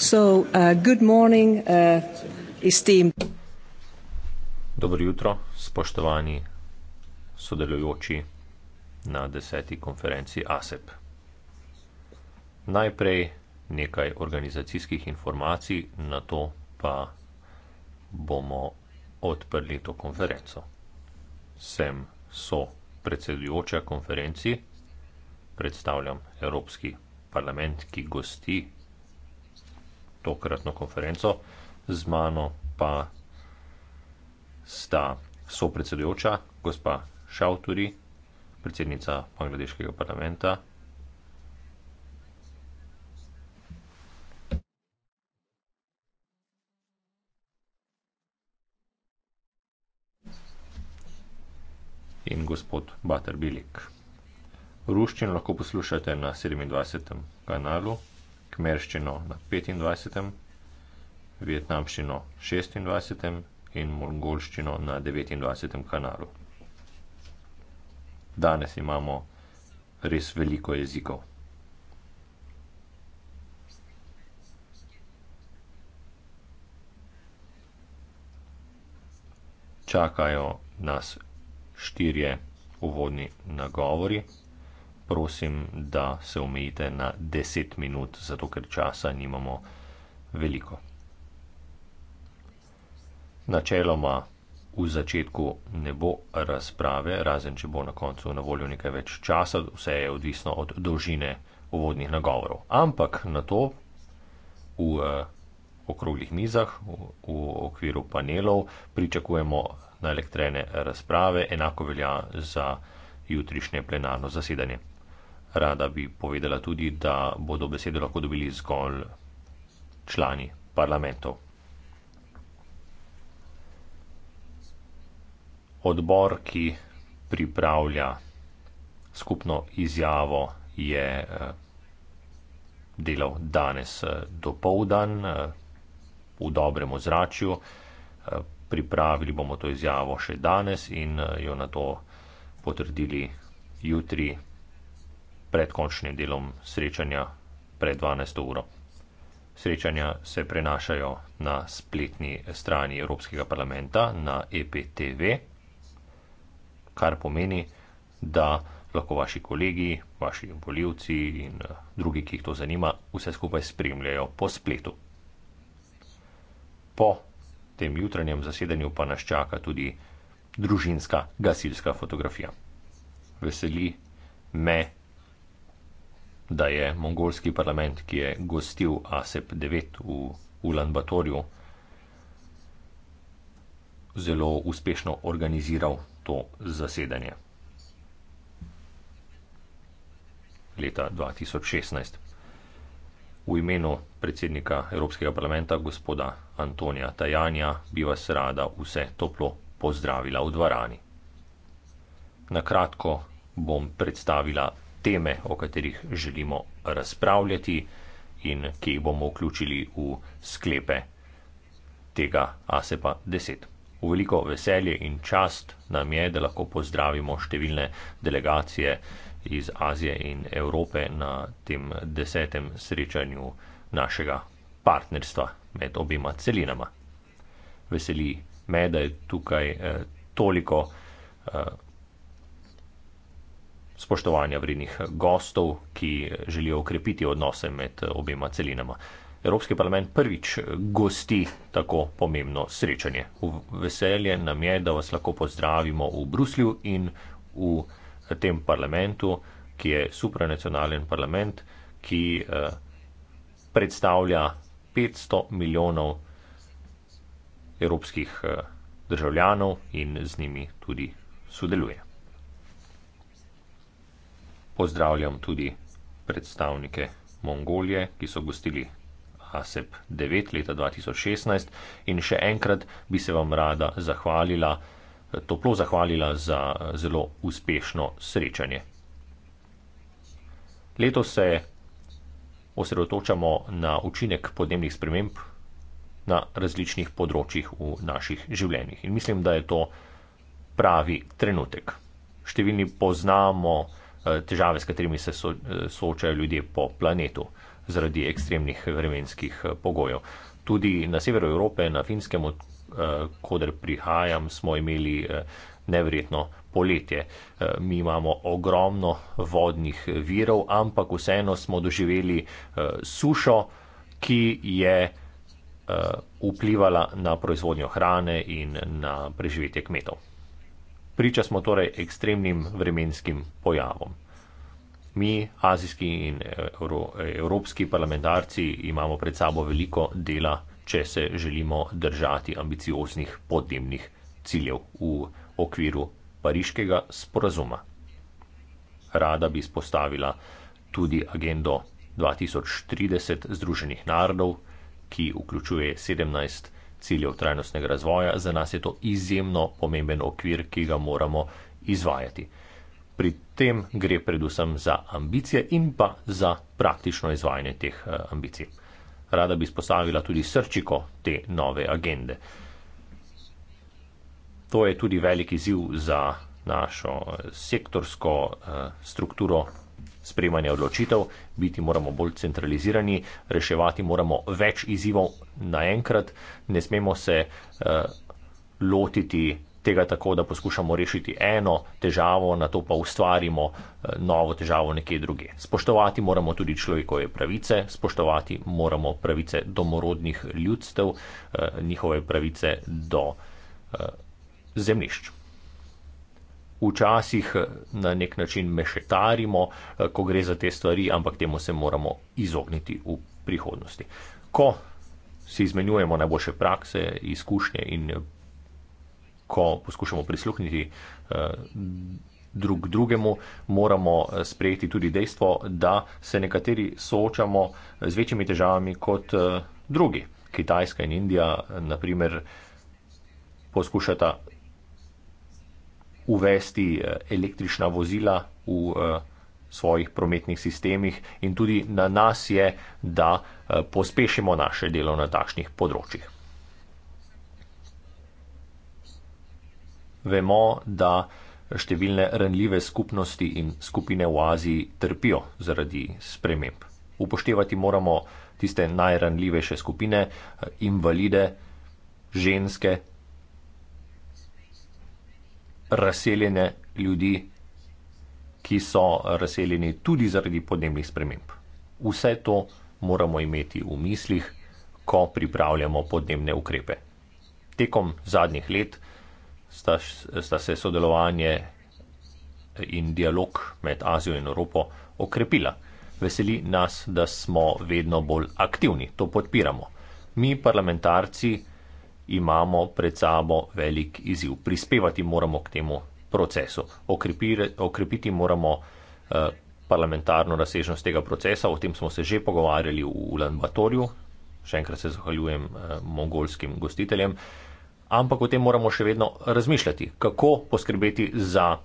So, uh, good morning, uh, Dobro jutro, spoštovani sodelujoči na deseti konferenci ASEP. Najprej nekaj organizacijskih informacij, na to pa bomo odprli to konferenco. Sem so predsedujoča konferenci, predstavljam Evropski parlament, ki gosti tokratno konferenco, z mano pa sta sopredsedujoča, gospa Šauturi, predsednica Bangladeškega parlamenta. In gospod Bater Bilik. Ruščino lahko poslušate na 27. kanalu kmerščino na 25. Vietnamščino 26. in mongolščino na 29. kanalu. Danes imamo res veliko jezikov. Čakajo nas štirje uvodni nagovori prosim, da se omejite na 10 minut, zato ker časa nimamo veliko. Načeloma v začetku ne bo razprave, razen če bo na koncu na voljo nekaj več časa, vse je odvisno od dolžine uvodnih nagovorov. Ampak na to v eh, okroglih mizah, v, v okviru panelov, pričakujemo na elektrene razprave, enako velja za jutrišnje plenarno zasedanje. Rada bi povedala tudi, da bodo besedo lahko dobili zgolj člani parlamentov. Odbor, ki pripravlja skupno izjavo, je eh, delal danes eh, do povdan eh, v dobrem ozračju. Pripravili bomo to izjavo še danes in jo na to potrdili jutri pred končnim delom srečanja pred 12. uro. Srečanja se prenašajo na spletni strani Evropskega parlamenta, na EPTV, kar pomeni, da lahko vaši kolegi, vaši voljivci in eh, drugi, ki jih to zanima, vse skupaj spremljajo po spletu. Po tem jutranjem zasedanju pa nas čaka tudi družinska gasilska fotografija. Veseli me, da je mongolski parlament, ki je gostil ASEP 9 v Ulanbatorju, zelo uspešno organiziral to zasedanje. Leta 2016. V imenu predsednika Evropskega parlamenta, gospoda Antonija Tajanja, bi vas rada vse toplo pozdravila v dvorani. Na kratko bom predstavila teme, o katerih želimo razpravljati in ki jih bomo vključili v sklepe tega ASEPA e 10. V veliko veselje in čast nam je, da lahko pozdravimo številne delegacije iz Azije in Evrope na tem desetem srečanju našega partnerstva med obima celinama. Veseli me, da je tukaj eh, toliko eh, spoštovanja vrednih gostov, ki želijo ukrepiti odnose med obema celinama. Evropski parlament prvič gosti tako pomembno srečanje. V veselje nam je, da vas lahko pozdravimo v Bruslju in v tem parlamentu, ki je supranacionalen parlament, ki eh, predstavlja 500 milijonov evropskih eh, državljanov in z njimi tudi sodeluje. Pozdravljam tudi predstavnike Mongolije, ki so gostili ASEP 9 leta 2016 in še enkrat bi se vam rada zahvalila, toplo zahvalila za zelo uspešno srečanje. Leto se osredotočamo na učinek podnebnih sprememb na različnih področjih v naših življenjih in mislim, da je to pravi trenutek. Številni poznamo, da je to pravi trenutek. Eh, težave, s katerimi se so, eh, soočajo ljudje po planetu zaradi ekstremnih vremenskih eh, pogojev. Tudi na severu Evrope, na finskem, odkuder prihajam, smo imeli nevredno poletje. Mi imamo ogromno vodnih virov, ampak vseeno smo doživeli sušo, ki je vplivala na proizvodnjo hrane in na preživetje kmetov priča smo torej ekstremnim vremenskim pojavom. Mi, azijski in eh, evro, evropski parlamentarci, imamo pred sabo veliko dela, če se želimo držati ambicioznih podnebnih ciljev v okviru pariškega sporazuma. Rada bi spostavila tudi agendo 2030 Združenih narodov, ki vključuje 17 ciljev trajnostnega razvoja, za nas je to izjemno pomemben okvir, ki ga moramo izvajati. Pri tem gre predvsem za ambicije in pa za praktično izvajanje teh eh, ambicij. Rada bi spostavila tudi srčiko te nove agende. To je tudi veliki ziv za našo sektorsko eh, strukturo sprejemanja odločitev, biti moramo bolj centralizirani, reševati moramo več izzivov naenkrat, ne smemo se uh, lotiti tega tako, da poskušamo rešiti eno težavo, na to pa ustvarimo uh, novo težavo nekje druge. Spoštovati moramo tudi človekove pravice, spoštovati moramo pravice domorodnih ljudstev, uh, njihove pravice do uh, zemlišča včasih eh, na nek način mešetarimo, eh, ko gre za te stvari, ampak temu se moramo izogniti v prihodnosti. Ko si izmenjujemo najboljše prakse, izkušnje in eh, ko poskušamo prisluhniti drug drugemu, moramo sprejeti tudi dejstvo, da se nekateri soočamo z večjimi težavami kot drugi. Kitajska in Indija, naprimer, poskušata uvesti eh, električna vozila v eh, svojih prometnih sistemih in tudi na nas je, da eh, pospešimo naše delo na takšnih področjih. Vemo, da številne renljive skupnosti in skupine v Aziji trpijo zaradi sprememb. Upoštevati moramo tiste najranljivejše skupine, invalide, ženske, razseljene ljudi, ki so razseljeni tudi zaradi podnebnih sprememb. Vse to moramo imeti v mislih, ko pripravljamo podnebne ukrepe. Tekom zadnjih let sta, sta se sodelovanje in dialog med Azijo in Evropo okrepila. Veseli nas, da smo vedno bolj aktivni, to podpiramo. Mi, parlamentarci, imamo pred sabo velik izziv. Prispevati moramo k temu procesu, okrepiti, okrepiti moramo eh, parlamentarno razsežnost tega procesa, o tem smo se že pogovarjali v Ulanbatorju, še enkrat se zahvaljujem eh, mongolskim gostiteljem, ampak o tem moramo še vedno razmišljati, kako poskrbeti za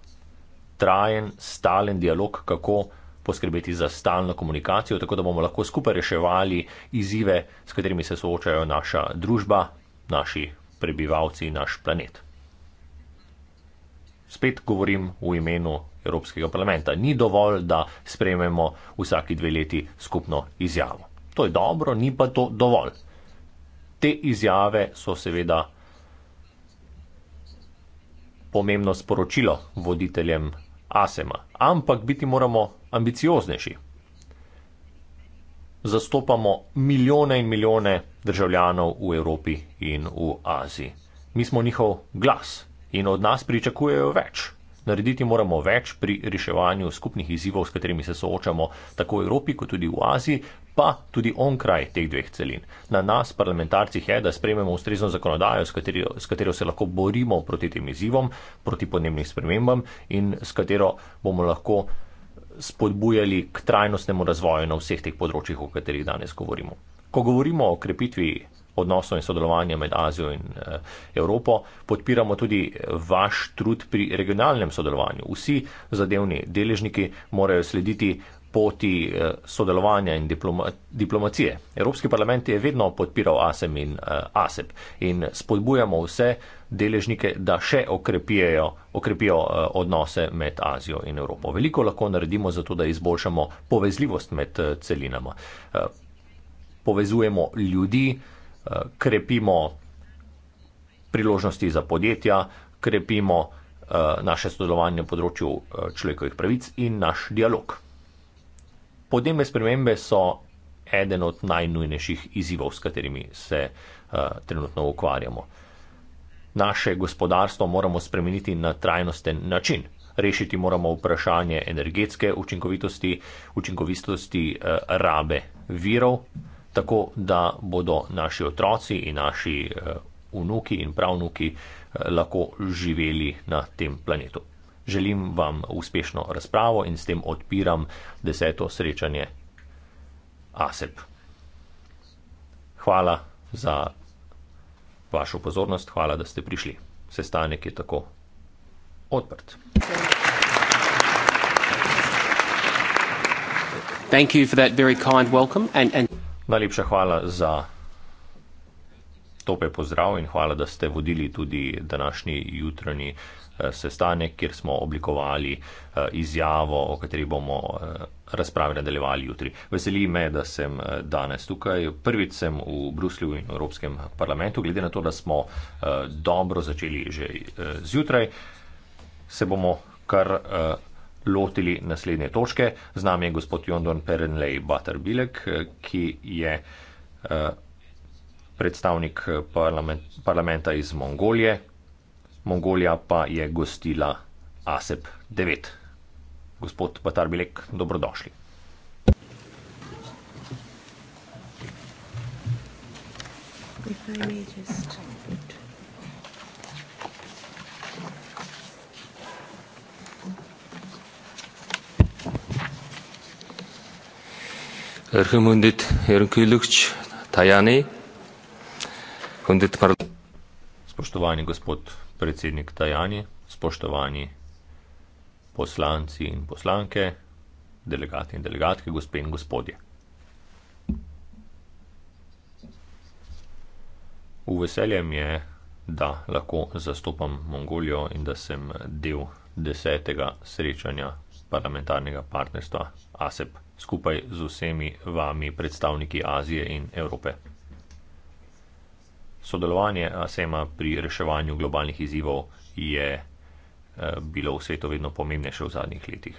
trajen, stalen dialog, kako poskrbeti za stalno komunikacijo, tako da bomo lahko skupaj reševali izzive, s katerimi se soočajo naša družba, naši prebivalci, naš planet. Spet govorim v imenu Evropskega parlamenta. Ni dovolj, da sprememo vsaki dve leti skupno izjavo. To je dobro, ni pa to dovolj. Te izjave so seveda pomembno sporočilo voditeljem ASEMA, ampak biti moramo ambiciozneši zastopamo milijone in milijone državljanov v Evropi in v Aziji. Mi smo njihov glas in od nas pričakujejo več. Narediti moramo več pri reševanju skupnih izzivov, s katerimi se soočamo tako v Evropi kot tudi v Aziji, pa tudi onkraj teh dveh celin. Na nas, parlamentarcih, je, da sprememo ustrezno zakonodajo, s katero, s katero se lahko borimo proti tem izzivom, proti podnebnim spremembam in s katero bomo lahko spodbujali k trajnostnemu razvoju na vseh teh področjih, o katerih danes govorimo. Ko govorimo o krepitvi odnosov in sodelovanja med Azijo in eh, Evropo, podpiramo tudi eh, vaš trud pri regionalnem sodelovanju. Vsi zadevni deležniki morajo slediti poti eh, sodelovanja in diploma, diplomacije. Evropski parlament je vedno podpiral ASEM in ASEP in spodbujamo vse deležnike, da še okrepijo, okrepijo eh, odnose med Azijo in Evropo. Veliko lahko naredimo za to, da izboljšamo povezljivost med eh, celinama. Eh, povezujemo ljudi, krepimo priložnosti za podjetja, krepimo naše sodelovanje na področju človekovih pravic in naš dialog. Podnebne spremembe so eden od najnujnejših izzivov, s katerimi se uh, trenutno ukvarjamo. Uh, Naše gospodarstvo moramo spremeniti na trajnosten način. Rešiti moramo vprašanje energetske učinkovitosti, učinkovitosti eh, rabe virov, tako da bodo naši otroci in naši eh, vnuki in pravnuki eh, lahko živeli na tem planetu. Želim vam uspešno razpravo in s tem odpiram deseto srečanje ASEP. Hvala za vašo pozornost, hvala, da ste prišli. Sestanek je tako odprt. And, and... Najlepša hvala za tope pozdrav in hvala, da ste vodili tudi današnji jutranji. Eh, sestanek, kjer smo oblikovali eh, izjavo, o kateri bomo eh, razprave nadaljevali jutri. Veseli me, da sem danes tukaj. Prvič sem v Bruslju in Evropskem parlamentu, glede na to, da smo dobro začeli že zjutraj, se bomo kar lotili naslednje točke. Z nami je gospod Jondon Perenlej Batarbilek, ki je predstavnik parlamenta iz Mongolije, Mongolija pa je gostila ASEP 9. Gospod Batar Bilek, dobrodošli. Erhem Hundit, Jerkilukč, Tajani, Hundit Spoštovani gospod predsednik Tajani, spoštovani poslanci in poslanke, delegati in delegatke, gospe in gospodje. V veselje mi je, da lahko zastopam Mongolijo in da sem del desetega srečanja parlamentarnega partnerstva ASEP skupaj z vsemi vami predstavniki Azije in Evrope sodelovanje ASEM-a pri reševanju globalnih izzivov je eh, bilo v svetu vedno pomembnejše v zadnjih letih.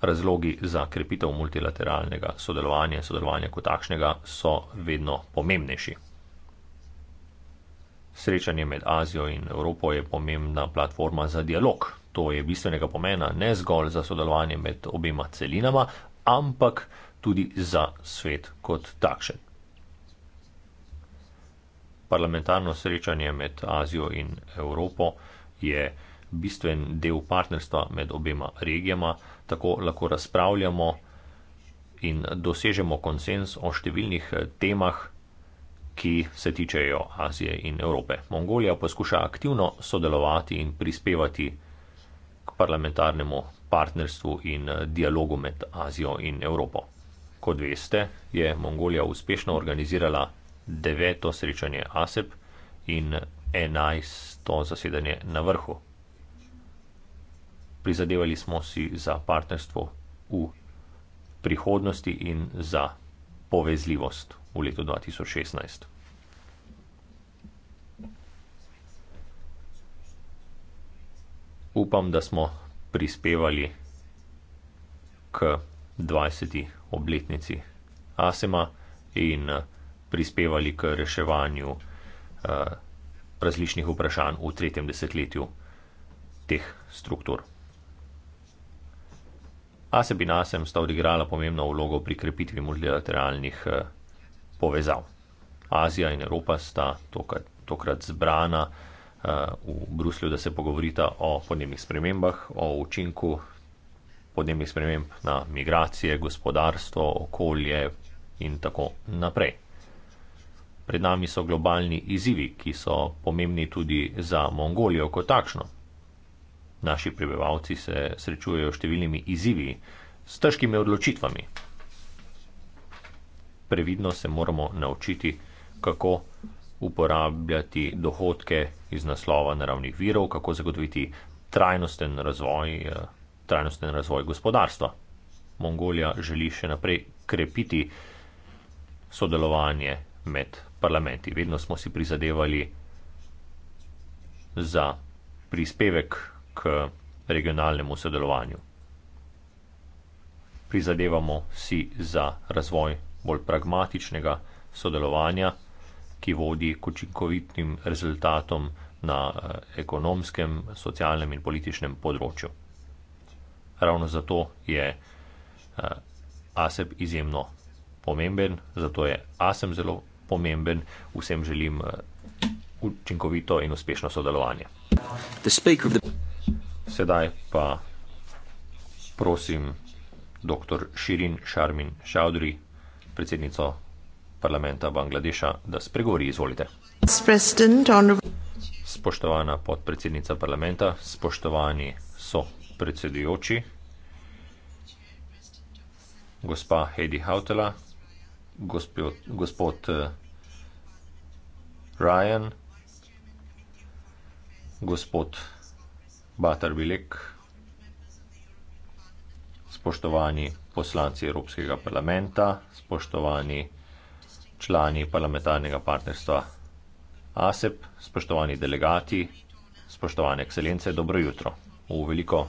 Razlogi za krepitev multilateralnega sodelovanja in sodelovanja kot takšnega so vedno pomembnejši. Srečanje med Azijo in Evropo je pomembna platforma za dialog. To je bistvenega pomena ne zgolj za sodelovanje med obema celinama, ampak tudi za svet kot takšen parlamentarno srečanje med Azijo in Evropo je bistven del partnerstva med obema regijama, tako lahko razpravljamo in dosežemo konsens o številnih temah, ki se tičejo Azije in Evrope. Mongolija poskuša aktivno sodelovati in prispevati k parlamentarnemu partnerstvu in dialogu med Azijo in Evropo. Kot veste, je Mongolija uspešno organizirala deveto srečanje ASEP in enajsto zasedanje na vrhu. Prizadevali smo si za partnerstvo v prihodnosti in za povezljivost v letu 2016. Upam, da smo prispevali k 20. obletnici ASEMA in prispevali k reševanju uh, različnih vprašanj v tretjem desetletju teh struktur. Aseb in Asem sta odigrala pomembno vlogo pri krepitvi multilateralnih uh, povezav. Azija in Evropa sta tokrat, tokrat zbrana uh, v Bruslju, da se pogovorita o podnebnih spremembah, o učinku podnebnih sprememb na migracije, gospodarstvo, okolje in tako naprej. Pred nami so globalni izzivi, ki so pomembni tudi za Mongolijo kot takšno. Naši prebivalci se srečujejo s številnimi izzivi, s težkimi odločitvami. Previdno se moramo naučiti, kako uporabljati dohodke iz naslova naravnih virov, kako zagotoviti trajnosten razvoj, trajnosten razvoj gospodarstva. Mongolija želi še naprej krepiti sodelovanje med parlamenti. Vedno smo si prizadevali za prispevek k regionalnemu sodelovanju. Prizadevamo si za razvoj bolj pragmatičnega sodelovanja, ki vodi k učinkovitim rezultatom na eh, ekonomskem, socialnem in političnem področju. Ravno zato je eh, ASEP izjemno pomemben, zato je ASEM zelo pomemben pomemben. Vsem želim eh, učinkovito in uspešno sodelovanje. Sedaj pa prosim dr. Shirin Sharmin Chaudhry, predsednico parlamenta Bangladeša, da spregovori. Izvolite. Spoštovana podpredsednica parlamenta, spoštovani so predsedujoči, gospa Heidi Hautela, gospod, gospod eh, Ryan, gospod Batar Bilek, spoštovani poslanci Evropskega parlamenta, spoštovani člani parlamentarnega partnerstva ASEP, spoštovani delegati, spoštovane ekscelence, dobro jutro. V veliko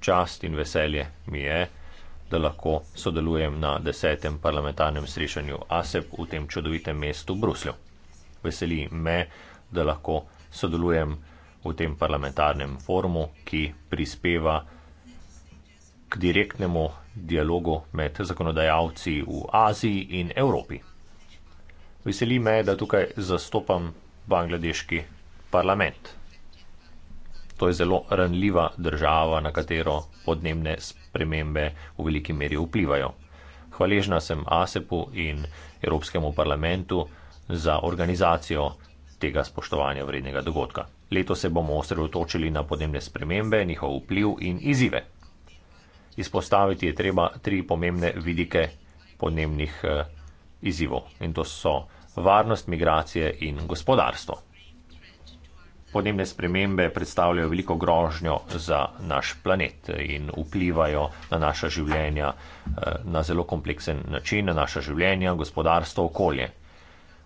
čast in veselje mi je, da lahko sodelujem na desetem parlamentarnem srečanju ASEP v tem čudovitem mestu Bruslju. Veseli me, da lahko sodelujem v tem parlamentarnem forumu, ki prispeva k direktnemu dialogu med zakonodajalci v Aziji in Evropi. Veseli me, da tukaj zastopam bangladeški parlament. To je zelo ranljiva država, na katero podnebne spremembe spremembe v veliki meri vplivajo. Hvaležna sem ASEP-u in Evropskemu parlamentu za organizacijo tega spoštovanja vrednega dogodka. Leto se bomo osredotočili na podnebne spremembe, njihov vpliv in izzive. Izpostaviti je treba tri pomembne vidike podnebnih eh, izzivov in to so varnost, migracije in gospodarstvo podnebne spremembe predstavljajo veliko grožnjo za naš planet in vplivajo na naša življenja eh, na zelo kompleksen način, na naša življenja, gospodarstvo, okolje.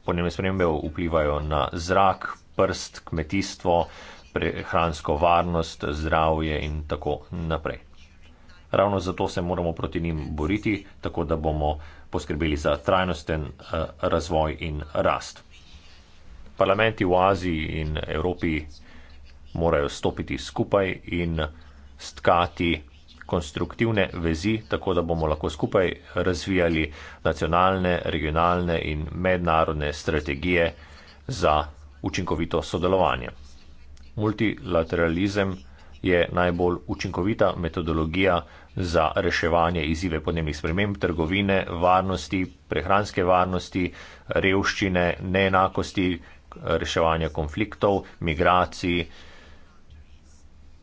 Podnebne spremembe vplivajo na zrak, prst, kmetijstvo, prehransko varnost, zdravje in tako naprej. Ravno zato se moramo proti njim boriti, tako da bomo poskrbeli za trajnosten eh, razvoj in rast parlamenti v Aziji in Evropi morajo stopiti skupaj in stkati konstruktivne vezi, tako da bomo lahko skupaj razvijali nacionalne, regionalne in mednarodne strategije za učinkovito sodelovanje. Multilateralizem je najbolj učinkovita metodologija za reševanje izzive podnebnih sprememb, trgovine, varnosti, prehranske varnosti, revščine, neenakosti, reševanja konfliktov, migracij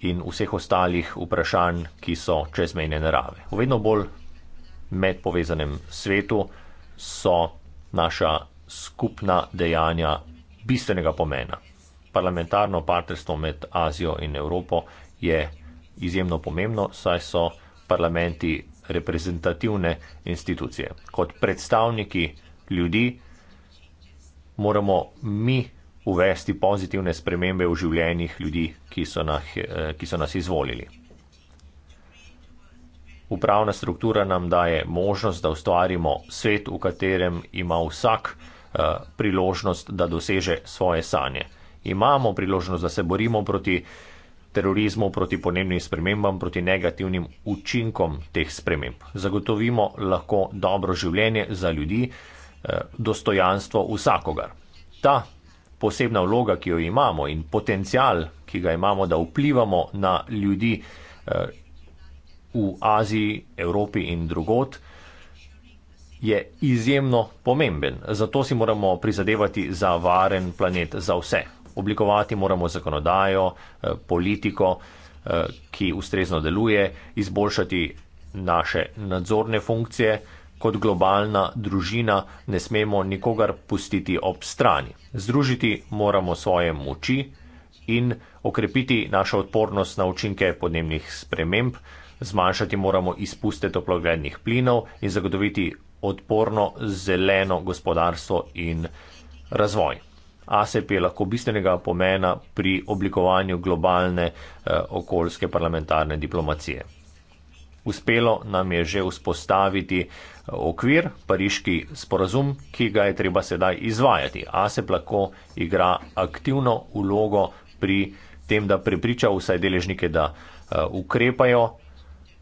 in vseh ostalih vprašanj, ki so čezmejne narave. V vedno bolj medpovezanem svetu so naša skupna dejanja bistvenega pomena. Parlamentarno partnerstvo med Azijo in Evropo je izjemno pomembno, saj so parlamenti reprezentativne institucije. Kot predstavniki ljudi, moramo mi uvesti pozitivne spremembe v življenjih ljudi, ki so, nah, eh, ki so nas izvolili. Upravna struktura nam daje možnost, da ustvarimo svet, v katerem ima vsak eh, priložnost, da doseže svoje sanje. Imamo priložnost, da se borimo proti terorizmu, proti podnebnim spremembam, proti negativnim učinkom teh sprememb. Zagotovimo lahko dobro življenje za ljudi, Eh, dostojanstvo vsakogar. Ta posebna vloga, ki jo imamo in potencial, ki ga imamo, da vplivamo na ljudi eh, v Aziji, Evropi in drugot, je izjemno pomemben. Zato si moramo prizadevati za varen planet za vse. Oblikovati moramo zakonodajo, eh, politiko, ki ustrezno deluje, izboljšati naše nadzorne funkcije, kot globalna družina ne smemo nikogar pustiti ob strani. Združiti moramo svoje moči in okrepiti našo odpornost na učinke podnebnih sprememb, zmanjšati moramo izpuste toplogrednih plinov in zagotoviti odporno zeleno gospodarstvo in razvoj. ASEP je lahko bistvenega pomena pri oblikovanju globalne eh, okoljske parlamentarne diplomacije. Uspelo nam je že vzpostaviti eh, okvir, pariški sporazum, ki ga je treba sedaj izvajati. ASEP lahko igra aktivno ulogo pri tem, da prepriča vsaj deležnike, da eh, ukrepajo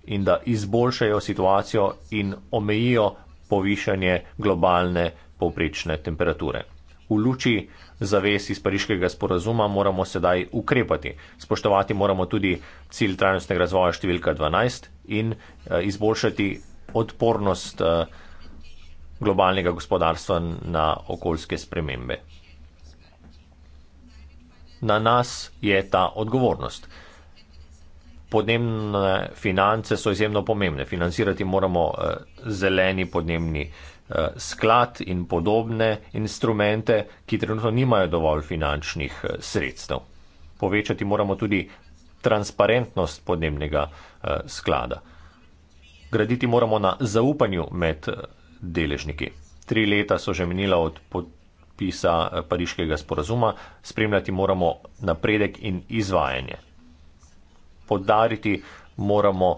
in da izboljšajo situacijo in omejijo povišanje globalne povprečne temperature. V luči zavez iz pariškega sporazuma moramo sedaj ukrepati. Spoštovati moramo tudi cilj trajnostnega razvoja številka 12 in eh, izboljšati odpornost eh, globalnega gospodarstva na okoljske spremembe. Na nas je ta odgovornost. Podnebne finance so izjemno pomembne. Financirati moramo eh, zeleni podnebni eh, sklad in podobne instrumente, ki trenutno nimajo dovolj finančnih sredstev. Povečati moramo tudi transparentnost podnebnega sklada graditi moramo na zaupanju med eh, deležniki. Tri leta so že minila od podpisa eh, pariškega sporazuma, spremljati moramo napredek in izvajanje. Podariti moramo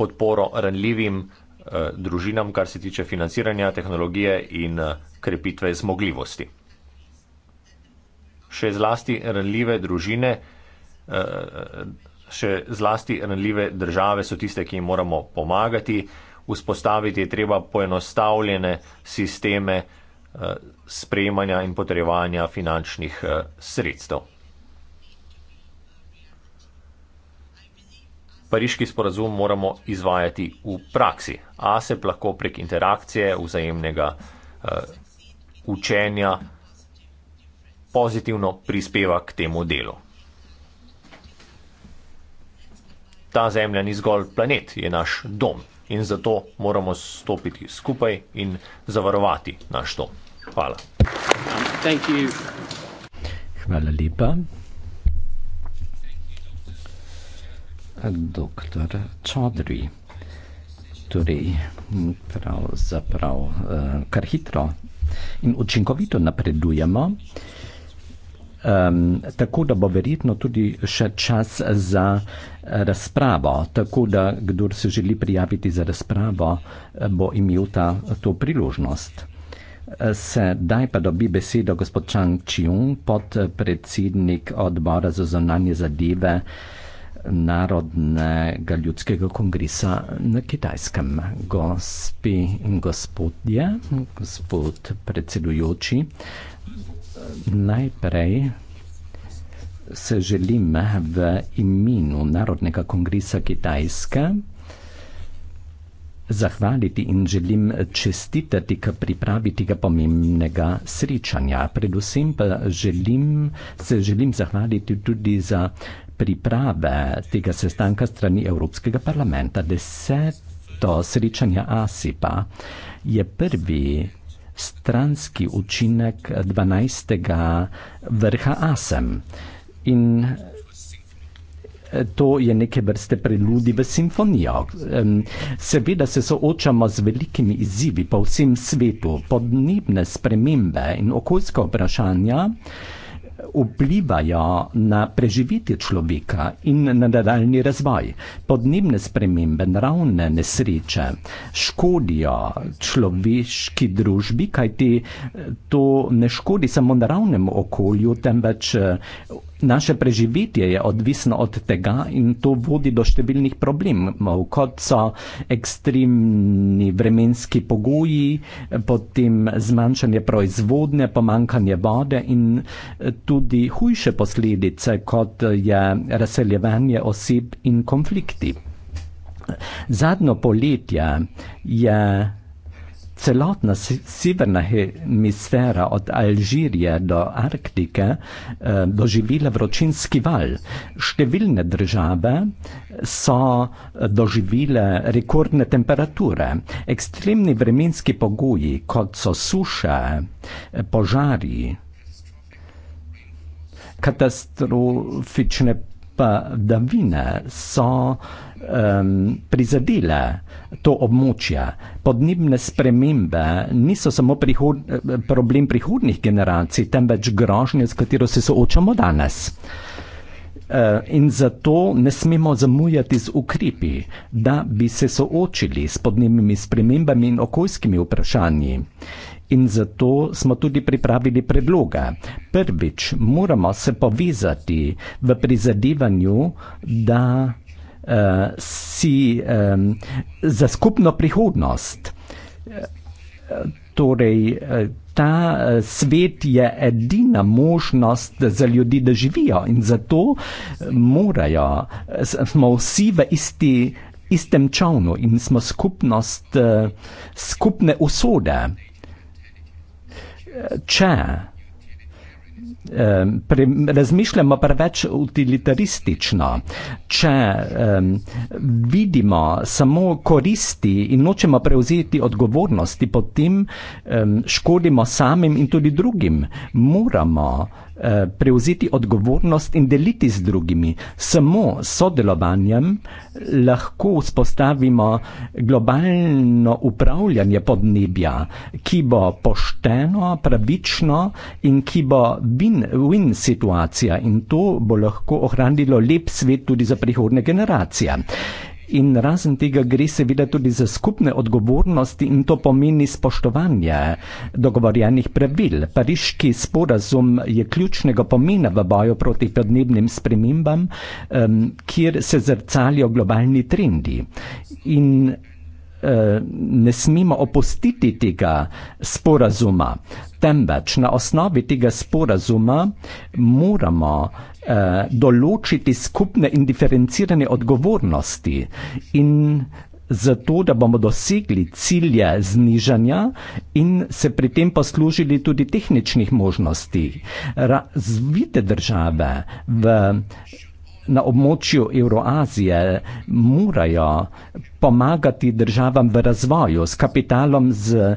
podporo ranljivim eh, družinam, kar se tiče financiranja tehnologije in krepitve zmogljivosti. Še zlasti ranljive družine še zlasti ranljive države so tiste, ki jim moramo pomagati. Vzpostaviti je treba poenostavljene sisteme eh, sprejemanja in potrebovanja finančnih eh, sredstev. Pariški sporazum moramo izvajati v praksi. ASEP lahko prek interakcije, vzajemnega uh, učenja pozitivno prispeva k temu delu. ta Zemlja ni zgolj planet, je naš dom in zato moramo stopiti skupaj in zavarovati naš dom. Hvala. Hvala lepa. Doktor Čodri, torej pravzaprav eh, kar hitro in učinkovito napredujemo, tako da bo verjetno tudi še čas za vsega, razpravo, tako da kdor se želi prijaviti za razpravo, bo imel ta to priložnost. Sedaj pa dobi besedo gospod Chang Chiung, podpredsednik odbora za zonanje zadeve Narodnega ljudskega kongresa na Kitajskem. Gospi in gospodje, gospod predsedujoči, najprej se želim eh, v imenu Narodnega kongresa Kitajske zahvaliti in želim čestitati k pripravi tega pomembnega srečanja. Predvsem pa želim, se želim zahvaliti tudi za priprave tega sestanka strani Evropskega parlamenta. Deseto srečanje ASIPA je prvi stranski učinek 12. vrha ASEM in eh, to je neke vrste preludi v simfonijo. Seveda se soočamo z velikimi izzivi po vsem svetu, podnebne spremembe in okoljska vprašanja eh, vplivajo na preživetje človeka in na nadaljni razvoj. Podnebne spremembe, naravne nesreče škodijo človeški družbi, kajti eh, to ne škodi samo naravnemu okolju, temveč Naše preživetje je odvisno od tega in to vodi do številnih problemov, kot so ekstremni vremenski pogoji, potem zmanjšanje proizvodne, pomankanje vode in eh, tudi hujše posledice, kot je razseljevanje oseb in konflikti. Zadnjo poletje je celotna severna hemisfera od Alžirije do Arktike eh, doživela vročinski val. Številne države so eh, doživele rekordne temperature. Ekstremni vremenski pogoji, kot so suše, eh, požari, katastrofične padavine so um, prizadela to območje. Podnebne spremembe niso samo prihod, problem prihodnih generacij, temveč grožnje, s katero se soočamo danes. Uh, in zato ne smemo zamujati z ukrepi, da bi se soočili s podnebnimi spremembami in okoljskimi vprašanji. In zato smo tudi pripravili predloga. Prvič, moramo se povezati v prizadevanju, da uh, si um, za skupno prihodnost. Torej, ta svet je edina možnost za ljudi, da živijo in zato morajo, smo vsi v isti, istem čovnu in smo skupnost skupne usode. Če Pre, razmišljamo preveč utilitaristično. Če um, vidimo samo koristi in nočemo prevzeti odgovornosti, potem um, škodimo samim in tudi drugim. Moramo Eh, prevzeti odgovornost in deliti z drugimi. Samo sodelovanjem lahko vzpostavimo globalno upravljanje podnebja, ki bo pošteno, pravično in ki bo win-win situacija in to bo lahko ohranilo lep svet tudi za prihodne generacije. In razen tega gre seveda tudi za skupne odgovornosti in to pomeni spoštovanje dogovorjenih pravil. Pariški sporazum je ključnega pomena v boju proti podnebnim spremembam, um, kjer se zrcalijo globalni trendi. In e, Ne smemo opustiti tega sporazuma, temveč na osnovi tega sporazuma moramo Eh, določiti skupne in diferencirane odgovornosti in zato, da bomo dosegli cilje znižanja in se pri tem poslužili tudi tehničnih možnosti. Razvite države v, na območju Euroazije morajo pomagati državam v razvoju s kapitalom, z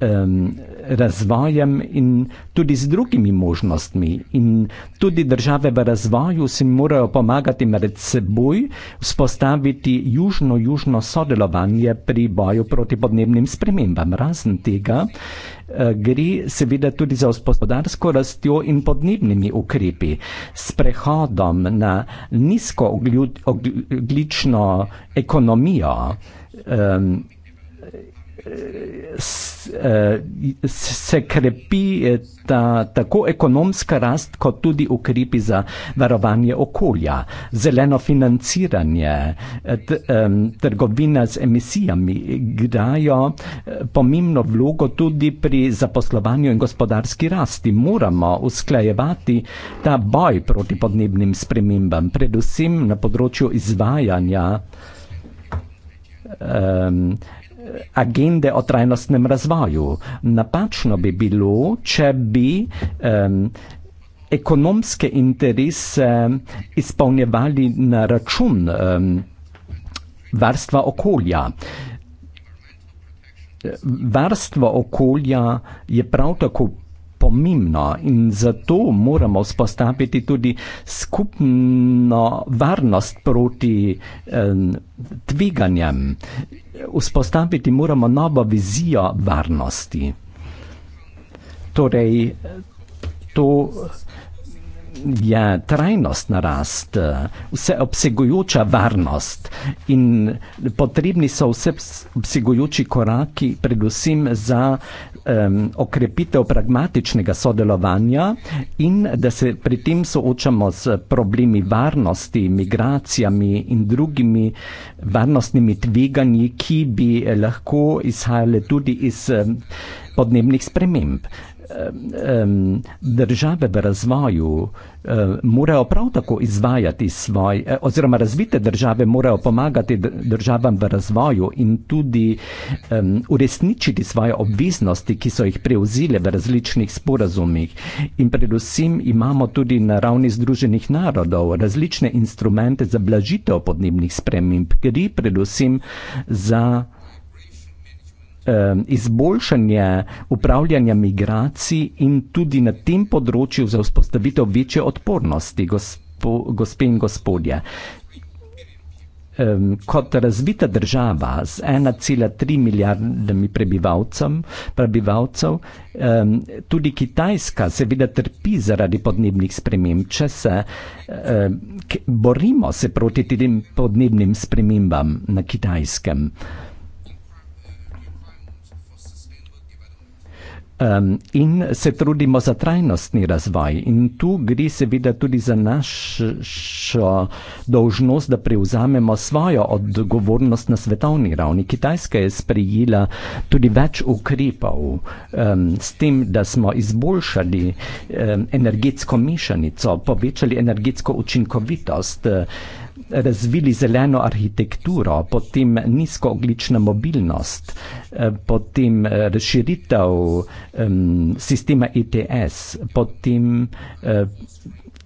um, razvojem in tudi z drugimi možnostmi. In tudi države v razvoju si morajo pomagati med seboj vzpostaviti južno-južno sodelovanje pri boju proti podnebnim spremembam. Razen tega eh, gre seveda tudi za gospodarsko rastjo in podnebnimi ukrepi. S prehodom na nizkooglično ekonomijo um, se krepi eh, ta, tako ekonomska rast, kot tudi ukrepi za varovanje okolja, zeleno financiranje, eh, trgovina z emisijami igrajo eh, pomembno vlogo tudi pri zaposlovanju in gospodarski rasti. Moramo usklajevati ta boj proti podnebnim spremembam, predvsem na področju izvajanja. Um, agende o trajnostnem razvoju. Napačno bi bilo, če bi um, ekonomske interese izpolnjevali na račun um, varstva okolja. Varstvo okolja je prav tako pomembno in zato moramo vzpostaviti tudi skupno varnost proti eh, tveganjem. Vzpostaviti moramo novo vizijo varnosti. Torej, to je trajnostna rast, vse obsegujoča varnost in potrebni so vse obsegujoči koraki, predvsem za eh, um, okrepitev pragmatičnega sodelovanja in da se pri tem soočamo z problemi varnosti, migracijami in drugimi varnostnimi tveganji, ki bi lahko izhajale tudi iz um, podnebnih sprememb um, države v razvoju um, morajo prav tako izvajati svoj, e, oziroma razvite države morajo pomagati državam v razvoju in tudi um, uresničiti svoje obveznosti, ki so jih prevzile v različnih sporazumih. In predvsem imamo tudi na ravni Združenih narodov različne instrumente za blažitev podnebnih sprememb, gre predvsem za Ehm, izboljšanje upravljanja migracij in tudi na tem področju za vzpostavitev večje odpornosti, gospo, gospe in gospodje. Ehm, kot razvita država z 1,3 milijardami prebivalcev, ehm, tudi Kitajska seveda trpi zaradi podnebnih sprememb. Če se borimo se proti tem podnebnim spremembam na Kitajskem, Um, in se trudimo za trajnostni razvoj. In tu gre seveda tudi za našo dožnost, da prevzamemo svojo odgovornost na svetovni ravni. Kitajska je sprejela tudi več ukrepov um, s tem, da smo izboljšali um, energetsko mešanico, povečali energetsko učinkovitost. Uh, razvili zeleno arhitekturo, potem nizkooglična mobilnost, eh, potem razširitev um, sistema ETS, potem uh,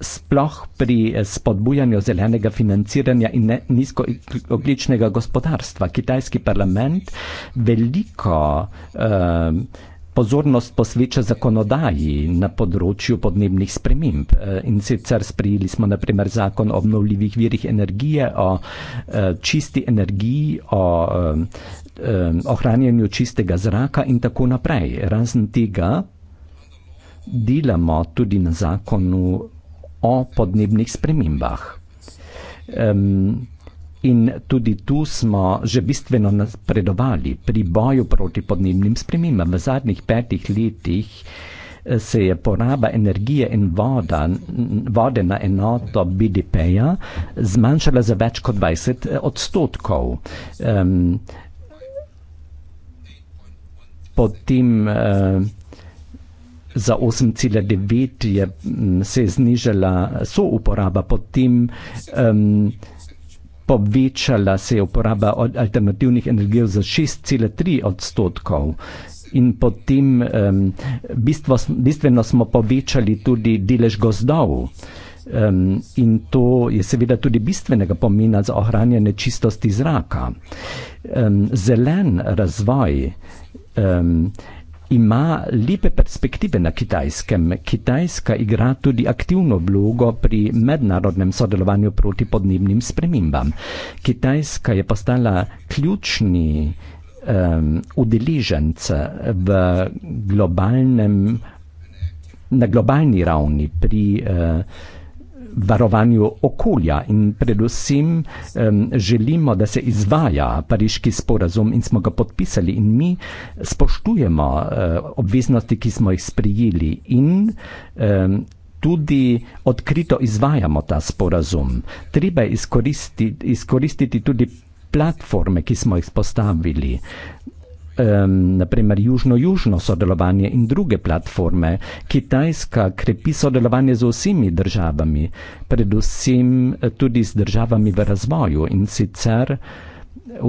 sploh pri spodbujanju zelenega financiranja in nizkooglična gospodarstva. Kitajski parlament veliko uh, pozornost posveča zakonodaji na področju podnebnih sprememb. Eh, in sicer sprejeli smo naprimer zakon o obnovljivih virih energije, o eh, čisti energiji, o eh, ohranjanju čistega zraka in tako naprej. Razen tega delamo tudi na zakonu o podnebnih spremembah. In tudi tu smo že bistveno napredovali pri boju proti podnebnim spremembam. V zadnjih petih letih eh, se je poraba energije in voda, vode na enoto BDP-ja zmanjšala za več kot 20 eh, odstotkov. Um, potem uh, za 8,9 je, se je znižala souporaba, potem um, povečala se je uporaba alternativnih energijev za 6,3 odstotkov. In potem um, bistvo, bistveno smo povečali tudi delež gozdov. Um, in to je seveda tudi bistvenega pomena za ohranjanje čistosti zraka. Um, zelen razvoj. Um, ima lepe perspektive na Kitajskem. Kitajska igra tudi aktivno vlogo pri mednarodnem sodelovanju proti podnebnim spremembam. Kitajska je postala ključni um, udeleženc v globalnem, na globalni ravni pri uh, varovanju okolja in predvsem um, želimo, da se izvaja pariški sporazum in smo ga podpisali in mi spoštujemo uh, obveznosti, ki smo jih sprijeli in um, tudi odkrito izvajamo ta sporazum. Treba izkoristiti, izkoristiti tudi platforme, ki smo jih postavili um, naprimer južno-južno sodelovanje in druge platforme. Kitajska krepi sodelovanje z vsemi državami, predvsem eh, tudi z državami v razvoju in sicer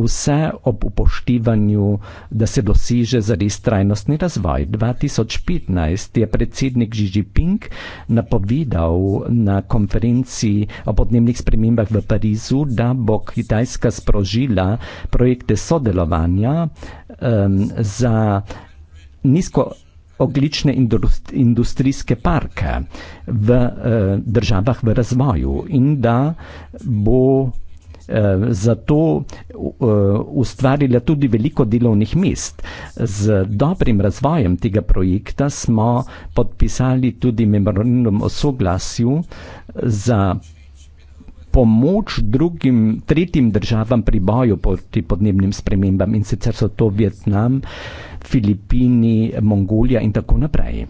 vse ob upoštevanju, da se dosiže zares trajnostni razvoj. 2015 je predsednik Xi Jinping napovedal na konferenci o podnebnih spremembah v Parizu, da bo Kitajska sprožila projekte sodelovanja um, za nizko oglične industrijske parke v uh, državah v razvoju in da bo Eh, zato eh, ustvarila tudi veliko delovnih mest. Z dobrim razvojem tega projekta smo podpisali tudi memorandum o soglasju za pomoč drugim, tretjim državam pri boju proti podnebnim spremembam in sicer so to Vietnam, Filipini, Mongolija in tako naprej.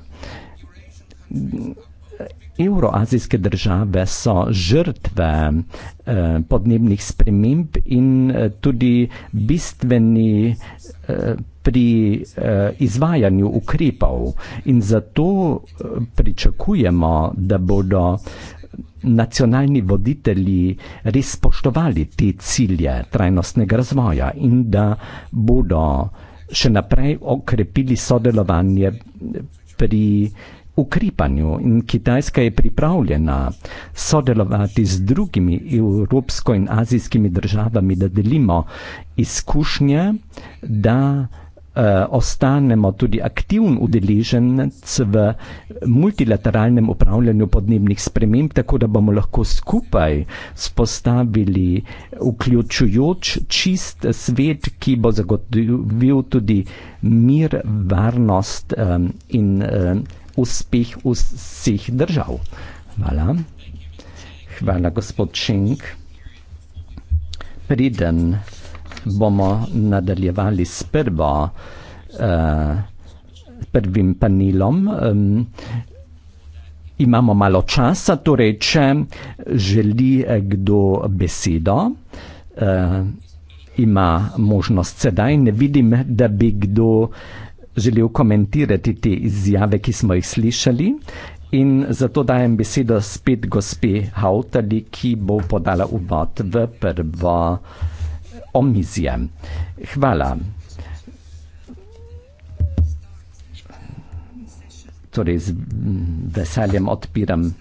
Euroazijske države so žrtve eh, podnebnih sprememb in eh, tudi bistveni eh, pri eh, izvajanju ukrepov. In zato eh, pričakujemo, da bodo nacionalni voditelji res spoštovali te cilje trajnostnega razvoja in da bodo še naprej okrepili sodelovanje pri ukrepanju in Kitajska je pripravljena sodelovati z drugimi evropsko in azijskimi državami, da delimo izkušnje, da uh, ostanemo tudi aktivni udeleženec v multilateralnem upravljanju podnebnih sprememb, tako da bomo lahko skupaj spostavili vključujoč čist svet, ki bo zagotovil tudi mir, varnost um, in um, uspeh vseh držav. Hvala. Hvala, gospod Šink. Priden bomo nadaljevali s prvo, uh, prvim panelom. Um, imamo malo časa, torej, če želi eh, kdo besedo, uh, ima možnost sedaj. Ne vidim, da bi kdo uh, želel komentirati te izjave, ki smo jih slišali. In zato dajem besedo spet gospe Hautali, ki bo podala uvod v prvo omizje. Hvala. Torej z veseljem odpiram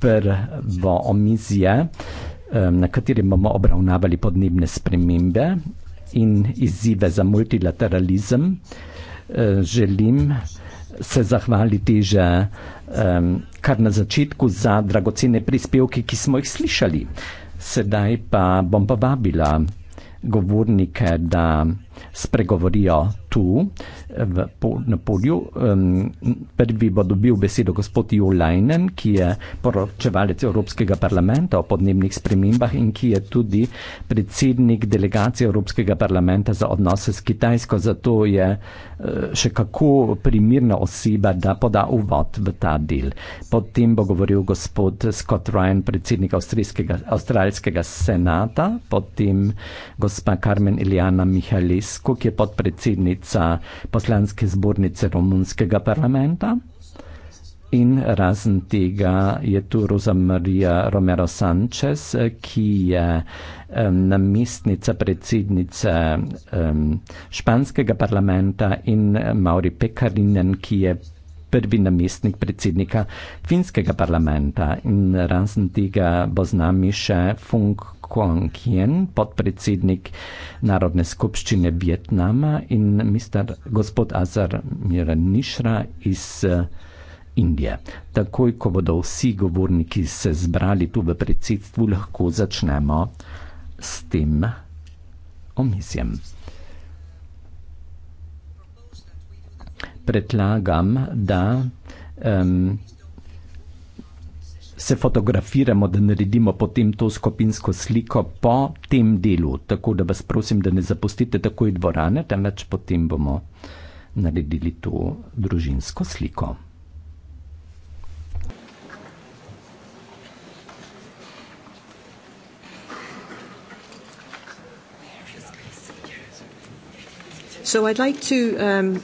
prvo omizje, eh, na katerem bomo obravnavali podnebne spremembe in izzive za multilateralizem želim se zahvaliti že um, kar na začetku za dragocene prispevke, ki smo jih slišali. Sedaj pa bom pa vabila govornike, da spregovorijo tu v, po, na podiju. Um, prvi bo dobil besedo gospod Jo Leinen, ki je poročevalec Evropskega parlamenta o podnebnih spremembah in ki je tudi predsednik delegacije Evropskega parlamenta za odnose s Kitajsko. Zato je eh, še kako primirna oseba, da poda uvod v ta del. Potem bo govoril gospod Scott Ryan, predsednik Avstralskega senata, potem gospa Carmen Iliana Mihalesko, ki je podpredsednica poslednjega poslanske zbornice romunskega parlamenta. In razen tega je tu Rosa Maria Romero Sanchez, ki je um, namestnica predsednice um, španskega parlamenta in Mauri Pekarinen, ki je prvi namestnik predsednika finskega parlamenta. In razen tega bo z nami še Funk Quang Yen, podpredsednik Narodne skupščine Vietnama in mister gospod Azar Miranišra iz eh, Indije. Takoj, ko bodo vsi govorniki se zbrali tu v predsedstvu, lahko začnemo s tem omizjem. Predlagam, da um, se fotografiramo, da naredimo potem to skupinsko sliko po tem delu. Tako da vas prosim, da ne zapustite takoj dvorane, temveč potem bomo naredili to družinsko sliko. So I'd like to um,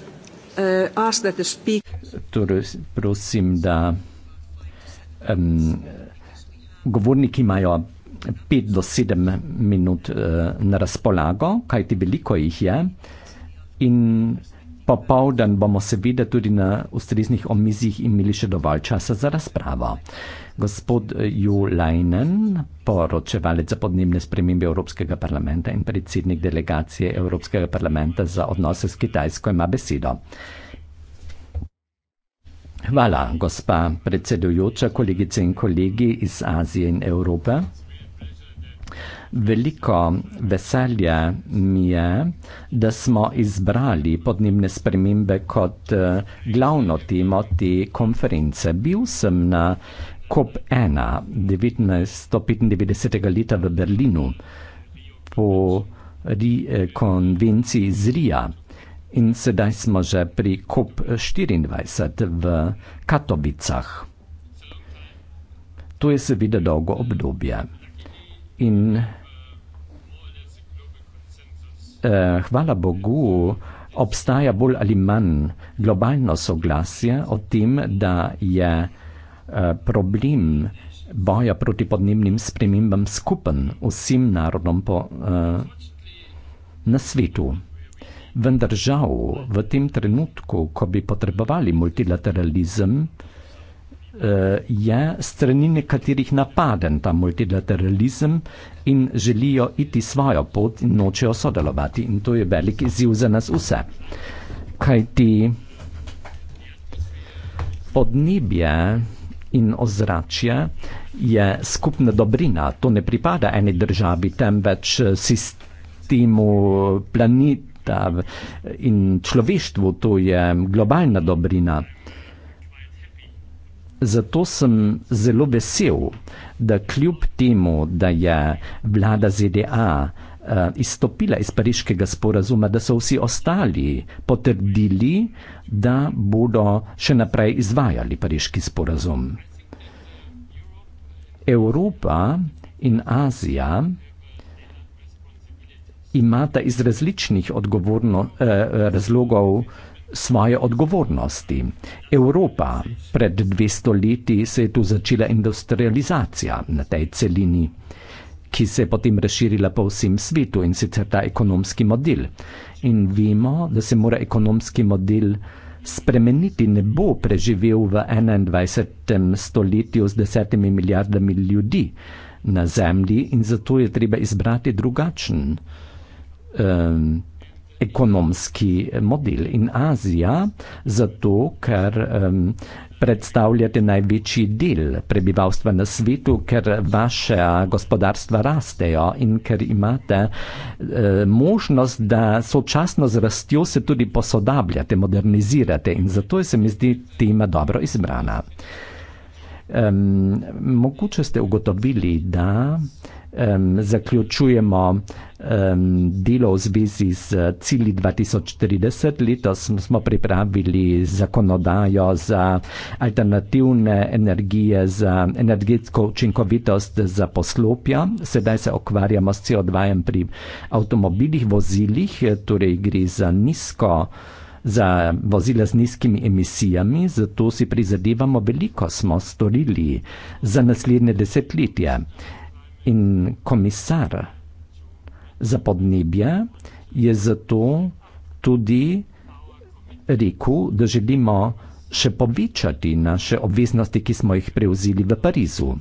uh, ask that the speaker. Torej, prosim, da um, govorniki imajo pet do sedem minut uh, na razpolago, kajti veliko jih je. In popovdan bomo seveda tudi na ustreznih omizjih imeli še dovolj časa za razpravo. Gospod Ju Leinen, poročevalec za podnebne spremembe Evropskega parlamenta in predsednik delegacije Evropskega parlamenta za odnose s Kitajsko, ima besedo. Hvala, gospa predsedujoča, kolegice in kolegi iz Azije in Evrope. Veliko veselje mi je, da smo izbrali podnebne spremembe kot eh, glavno temo te konference. Bil sem na COP1 1995. leta v Berlinu po eh, konvenciji z Rija In sedaj smo že pri Kup 24 v Katovicah. To je seveda dolgo obdobje. In eh, hvala Bogu, obstaja bolj ali manj globalno soglasje o tem, da je eh, problem boja proti podnebnim spremembam skupen vsem narodom po, eh, na svetu vendar žal v tem trenutku, ko bi potrebovali multilateralizem, eh, je strani nekaterih napaden ta multilateralizem in želijo iti svojo pot in nočejo sodelovati. In to je velik izziv za nas vse. Kaj ti podnebje in ozračje je skupna dobrina, to ne pripada eni državi, temveč eh, sistemu planet, ta, in človeštvu to je globalna dobrina. Zato sem zelo vesel, da kljub temu, da je vlada ZDA eh, izstopila iz pariškega sporazuma, da so vsi ostali potrdili, da bodo še naprej izvajali pariški sporazum. Evropa in Azija imata iz različnih odgovorno, eh, razlogov svoje odgovornosti. Evropa pred 200 leti se je tu začela industrializacija na tej celini, ki se je potem razširila po vsem svetu in sicer ta ekonomski model. In vemo, da se mora ekonomski model spremeniti, ne bo preživel v 21. stoletju z desetimi milijardami ljudi na zemlji in zato je treba izbrati drugačen um, ekonomski model in Azija, zato ker um, predstavljate največji del prebivalstva na svetu, ker vaše gospodarstva rastejo in ker imate e, možnost, da sočasno z rastjo se tudi posodabljate, modernizirate in zato je se mi zdi tema dobro izbrana um, mogoče ste ugotovili, da um, zaključujemo um, delo v zvezi z cilji 2040. Letos smo pripravili zakonodajo za alternativne energije, za energetsko učinkovitost, za poslopja. Sedaj se okvarjamo s CO2 pri avtomobilih, vozilih, torej gre za nizko za vozila z nizkimi emisijami, zato si prizadevamo veliko, smo storili za naslednje desetletje. In komisar za podnebje je zato tudi rekel, da želimo še povečati naše obveznosti, ki smo jih prevzeli v Parizu.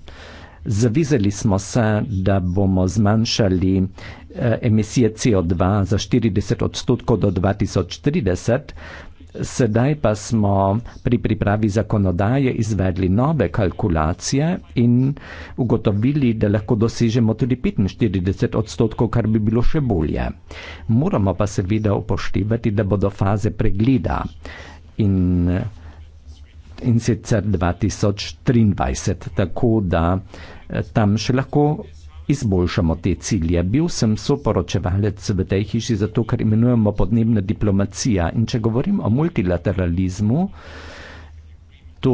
Zavizali smo se, da bomo zmanjšali eh, emisije CO2 za 40 odstotkov do 2030, sedaj pa smo pri pripravi zakonodaje izvedli nove kalkulacije in ugotovili, da lahko dosežemo tudi 45 odstotkov, kar bi bilo še bolje. Moramo pa seveda upoštevati, da bodo faze pregleda in in sicer 2023. Tako da eh, tam še lahko izboljšamo te cilje. Bil sem soporočevalec v tej hiši, zato ker imenujemo podnebna diplomacija. In če govorim o multilateralizmu, To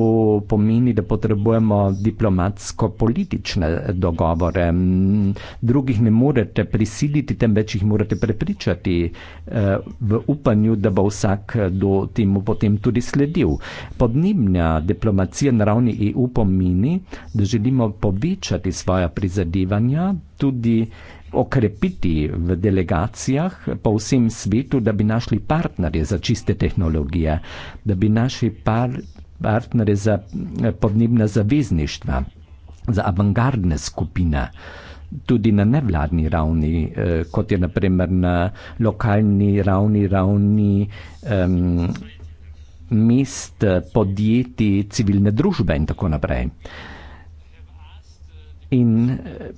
pomeni, da potrebujemo diplomatsko-politične dogovore. Drugih ne morete prisiliti, temveč jih morate prepričati eh, v upanju, da bo vsak eh, do temu potem tudi sledil. Podnebna diplomacija na ravni EU pomeni, da želimo povečati svoja prizadevanja, tudi okrepiti v delegacijah po vsem svetu, da bi našli partnerje za čiste tehnologije, da bi naši partnerje partnerje za eh, podnebna zavezništva, za avangardne skupine. Tudi na nevladni ravni, eh, kot je naprimer na lokalni ravni, ravni um, mest, podjetij, civilne družbe in tako naprej. In eh,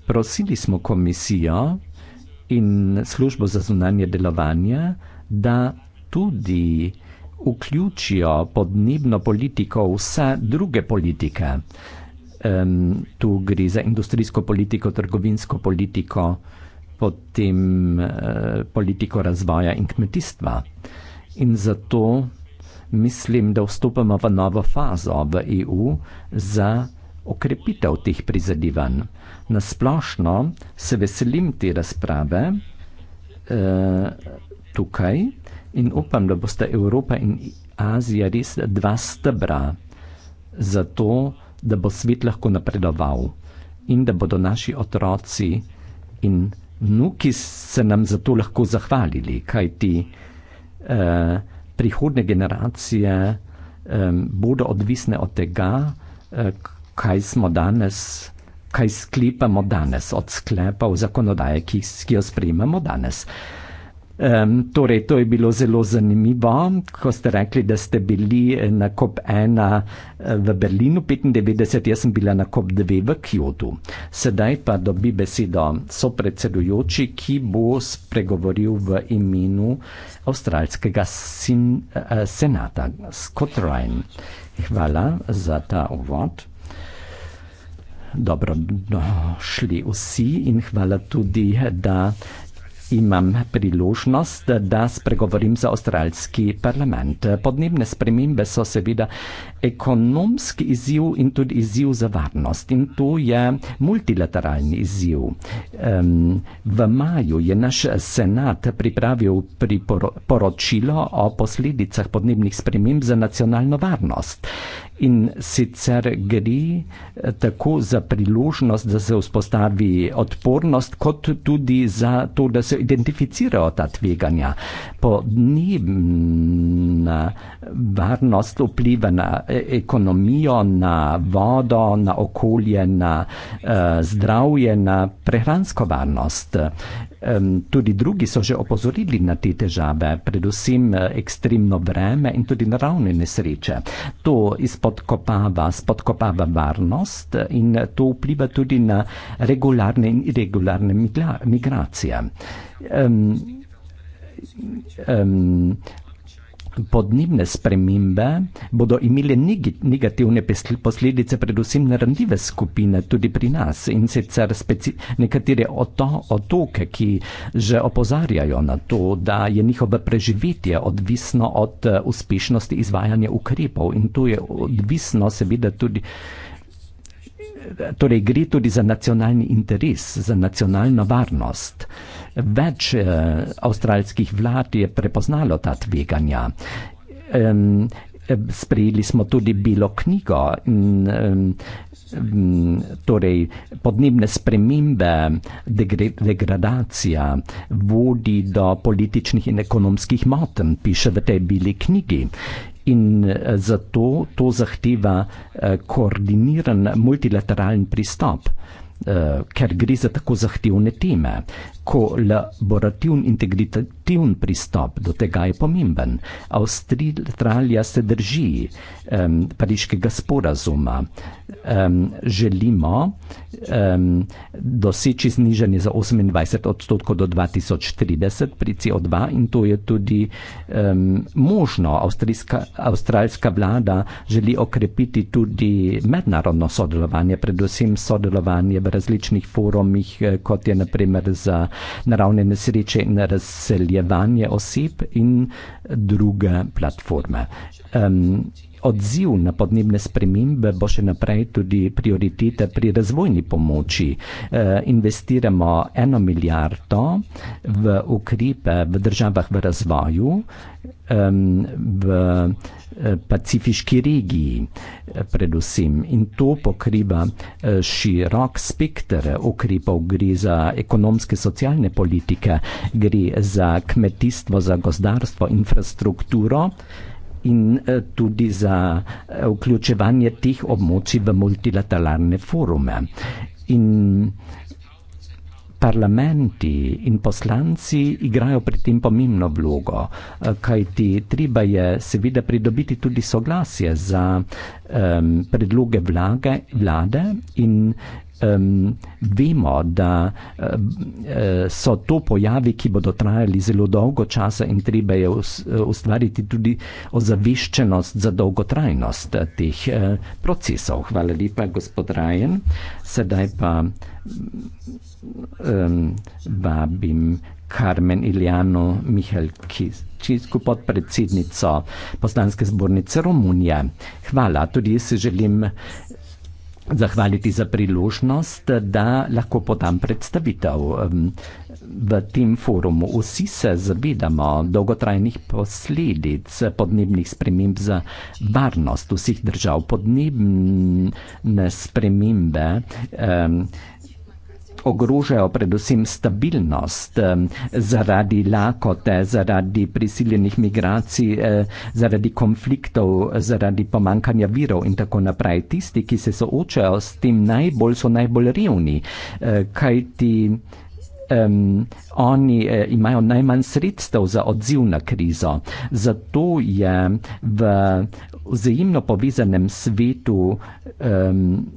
prosili smo komisijo in službo za zunanje delovanje, da tudi vključijo podnebno politiko vse druge politike. Um, tu gre za industrijsko politiko, trgovinsko politiko, potem uh, politiko razvoja in kmetijstva. In zato mislim, da vstopamo v novo fazo v EU za okrepitev teh prizadevanj. Nasplošno se veselim te razprave uh, tukaj. In upam, da bosta Evropa in Azija res dva stebra za to, da bo svet lahko napredoval in da bodo naši otroci in vnuki se nam za to lahko zahvalili, kajti eh, prihodne generacije eh, bodo odvisne od tega, eh, kaj smo danes, kaj sklepamo danes, od sklepov zakonodaje, ki, ki jo sprejemamo danes. Eh, Um, torej, to je bilo zelo zanimivo, ko ste rekli, da ste bili eh, na COP1 eh, v Berlinu 95, jaz sem bila na COP2 v Kyotu. Sedaj pa dobi besedo sopredsedujoči, ki bo spregovoril v imenu avstralskega sin, uh, senata, Scott Ryan. Hvala za ta uvod. Dobro, no, šli vsi in hvala tudi, da imam priložnost, da spregovorim za avstralski parlament. Podnebne spremembe so seveda ekonomski izziv in tudi izziv za varnost. In to je multilateralni izziv. Um, v maju je naš senat pripravil priporočilo o posledicah podnebnih sprememb za nacionalno varnost in sicer gre eh, tako za priložnost, da se vzpostavi odpornost, kot tudi za to, da se identificirajo ta tveganja. Podnebna varnost vpliva na e, ekonomijo, na vodo, na okolje, na eh, zdravje, na prehransko varnost. Eh, tudi drugi so že opozorili na te težave, predvsem eh, ekstremno vreme in tudi naravne nesreče. To izpodkopava, spodkopava varnost eh, in to vpliva tudi na regularne in irregularne migracije. Um, um, Podnebne spremembe bodo imele negativne posledice, predvsem na randive skupine, tudi pri nas in sicer nekatere oto otoke, ki že opozarjajo na to, da je njihovo preživetje odvisno od eh, uspešnosti izvajanja ukrepov in to je odvisno seveda tudi. Eh, torej, gre tudi za nacionalni interes, za nacionalno varnost. Uh, Več uh, avstralskih vlad je prepoznalo ta tveganja. Um, sprejeli smo tudi bilo knjigo, um, um, torej podnebne spremembe, degre, degradacija vodi do političnih in ekonomskih motenj, piše v tej bili knjigi. In eh, zato to zahteva eh, koordiniran multilateralen pristop. Eh, ker gre za tako zahtevne teme, ko laborativni integritet aktivni pristop do tega je pomemben. Avstralija se drži um, pariškega sporazuma. Um, želimo um, doseči znižanje za 28 odstotkov do 2030 pri CO2 in to je tudi um, možno. Avstralska vlada želi okrepiti tudi mednarodno sodelovanje, predvsem sodelovanje v različnih forumih, eh, kot je naprimer za naravne nesreče in razseljenje omejevanje oseb in druge platforme. Um, odziv na podnebne spremembe bo še naprej tudi prioriteta pri razvojni pomoči. E, investiramo eno milijardo v ukrepe v državah v razvoju, e, v pacifiški regiji e, predvsem in to pokriva e, širok spektr ukrepov, gre za ekonomske socialne politike, gre za kmetijstvo, za gozdarstvo, infrastrukturo in eh, tudi za eh, vključevanje teh območij v multilateralne forume. In parlamenti in poslanci igrajo pri tem pomembno vlogo, eh, kajti treba je seveda pridobiti tudi soglasje za um, predloge vlage, vlade in um, vemo, da um, so to pojavi, ki bodo trajali zelo dolgo časa in treba je ustvariti tudi ozaveščenost za dolgotrajnost eh, teh uh, procesov. Hvala lepa, gospod Rajen. Sedaj pa um, vabim. Karmen Iljano Mihel, ki je kot predsednica poslanske zbornice Romunije. Hvala, tudi jaz se želim zahvaliti za priložnost, da lahko podam predstavitev. V tem forumu vsi se zavedamo dolgotrajnih posledic podnebnih sprememb za varnost vseh držav. Podnebne spremembe. Um, ogrožajo predvsem stabilnost zaradi lakote, zaradi prisiljenih migracij, eh, zaradi konfliktov, zaradi pomankanja virov in tako naprej. Tisti, ki se soočajo s tem najbolj, so najbolj revni, eh, kajti um, oni eh, imajo najmanj sredstev za odziv na krizo. Zato je v vzajemno povezanem svetu um,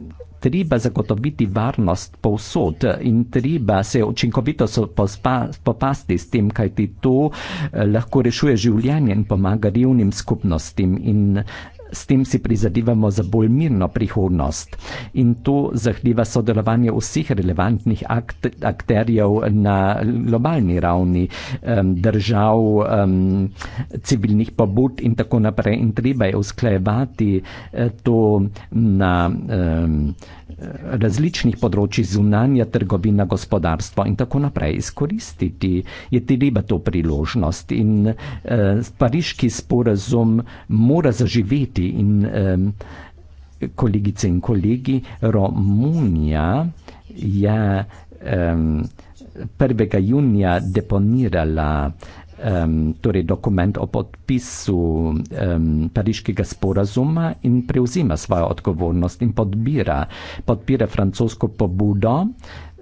treba zagotoviti varnost povsod in treba se učinkovito spopasti s tem, kaj ti to eh, lahko rešuje življenje in pomaga revnim skupnostim. In, uh, s tem si prizadevamo za bolj mirno prihodnost. In to zahteva sodelovanje vseh relevantnih akt, akterjev na globalni ravni, držav, civilnih pobud in tako naprej. In treba je usklajevati eh, to na različnih področjih zunanja trgovina, gospodarstvo in tako naprej izkoristiti. Je tudi to priložnost in eh, pariški sporazum mora zaživeti in eh, kolegice in kolegi, Romunija je eh, 1. junija deponirala eh, um, torej dokument o podpisu um, pariškega sporazuma in prevzima svojo odgovornost in podbira, podpira francosko pobudo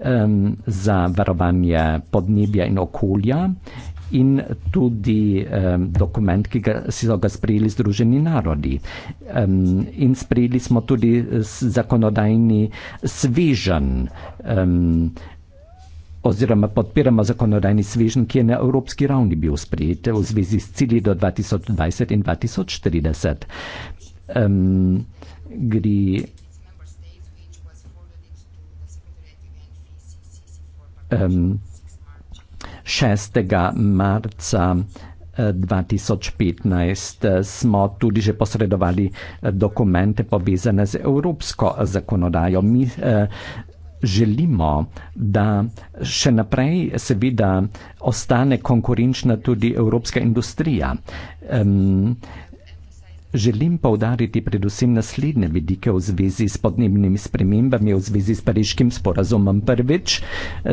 um, za varovanje podnebja in okolja in tudi um, dokument, ki ga, so ga sprejeli Združeni narodi. Um, in sprejeli smo tudi zakonodajni svežen. Um, oziroma podpiramo zakonodajni svežen, ki je na evropski ravni bil sprejet v zvezi s cilji do 2020 in 2040. Um, gri, um, 6. marca 2015 eh, smo tudi že posredovali eh, dokumente povezane z evropsko eh, zakonodajo. Mi eh, želimo, da še naprej seveda ostane konkurenčna tudi evropska industrija. Um, Želim povdariti predvsem naslednje vidike v zvezi s podnebnimi spremembami, v zvezi s pariškim sporazumom. Prvič,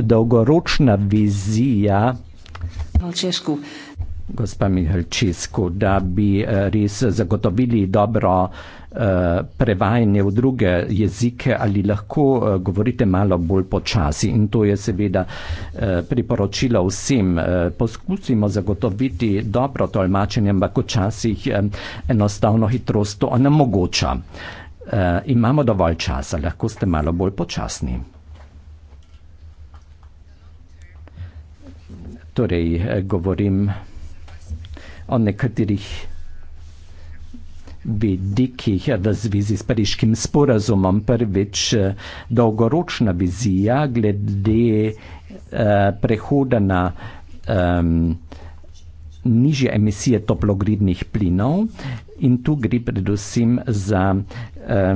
dolgoročna vizija, Malčesku. gospa Mihalčesku, da bi eh, res zagotovili dobro uh, Eh, prevajanje v druge jezike ali lahko eh, govorite malo bolj počasi. In to je seveda eh, priporočilo vsem. Poskusimo zagotoviti dobro tolmačenje, ampak včasih enostavno hitrost to onemogoča. Imamo dovolj časa, lahko ste malo bolj počasni. Torej, govorim o nekaterih vidikih v zvezi s pariškim sporazumom. Prvič, eh, dolgoročna vizija glede eh, prehoda na eh, nižje emisije toplogrednih plinov in tu gre predvsem za eh,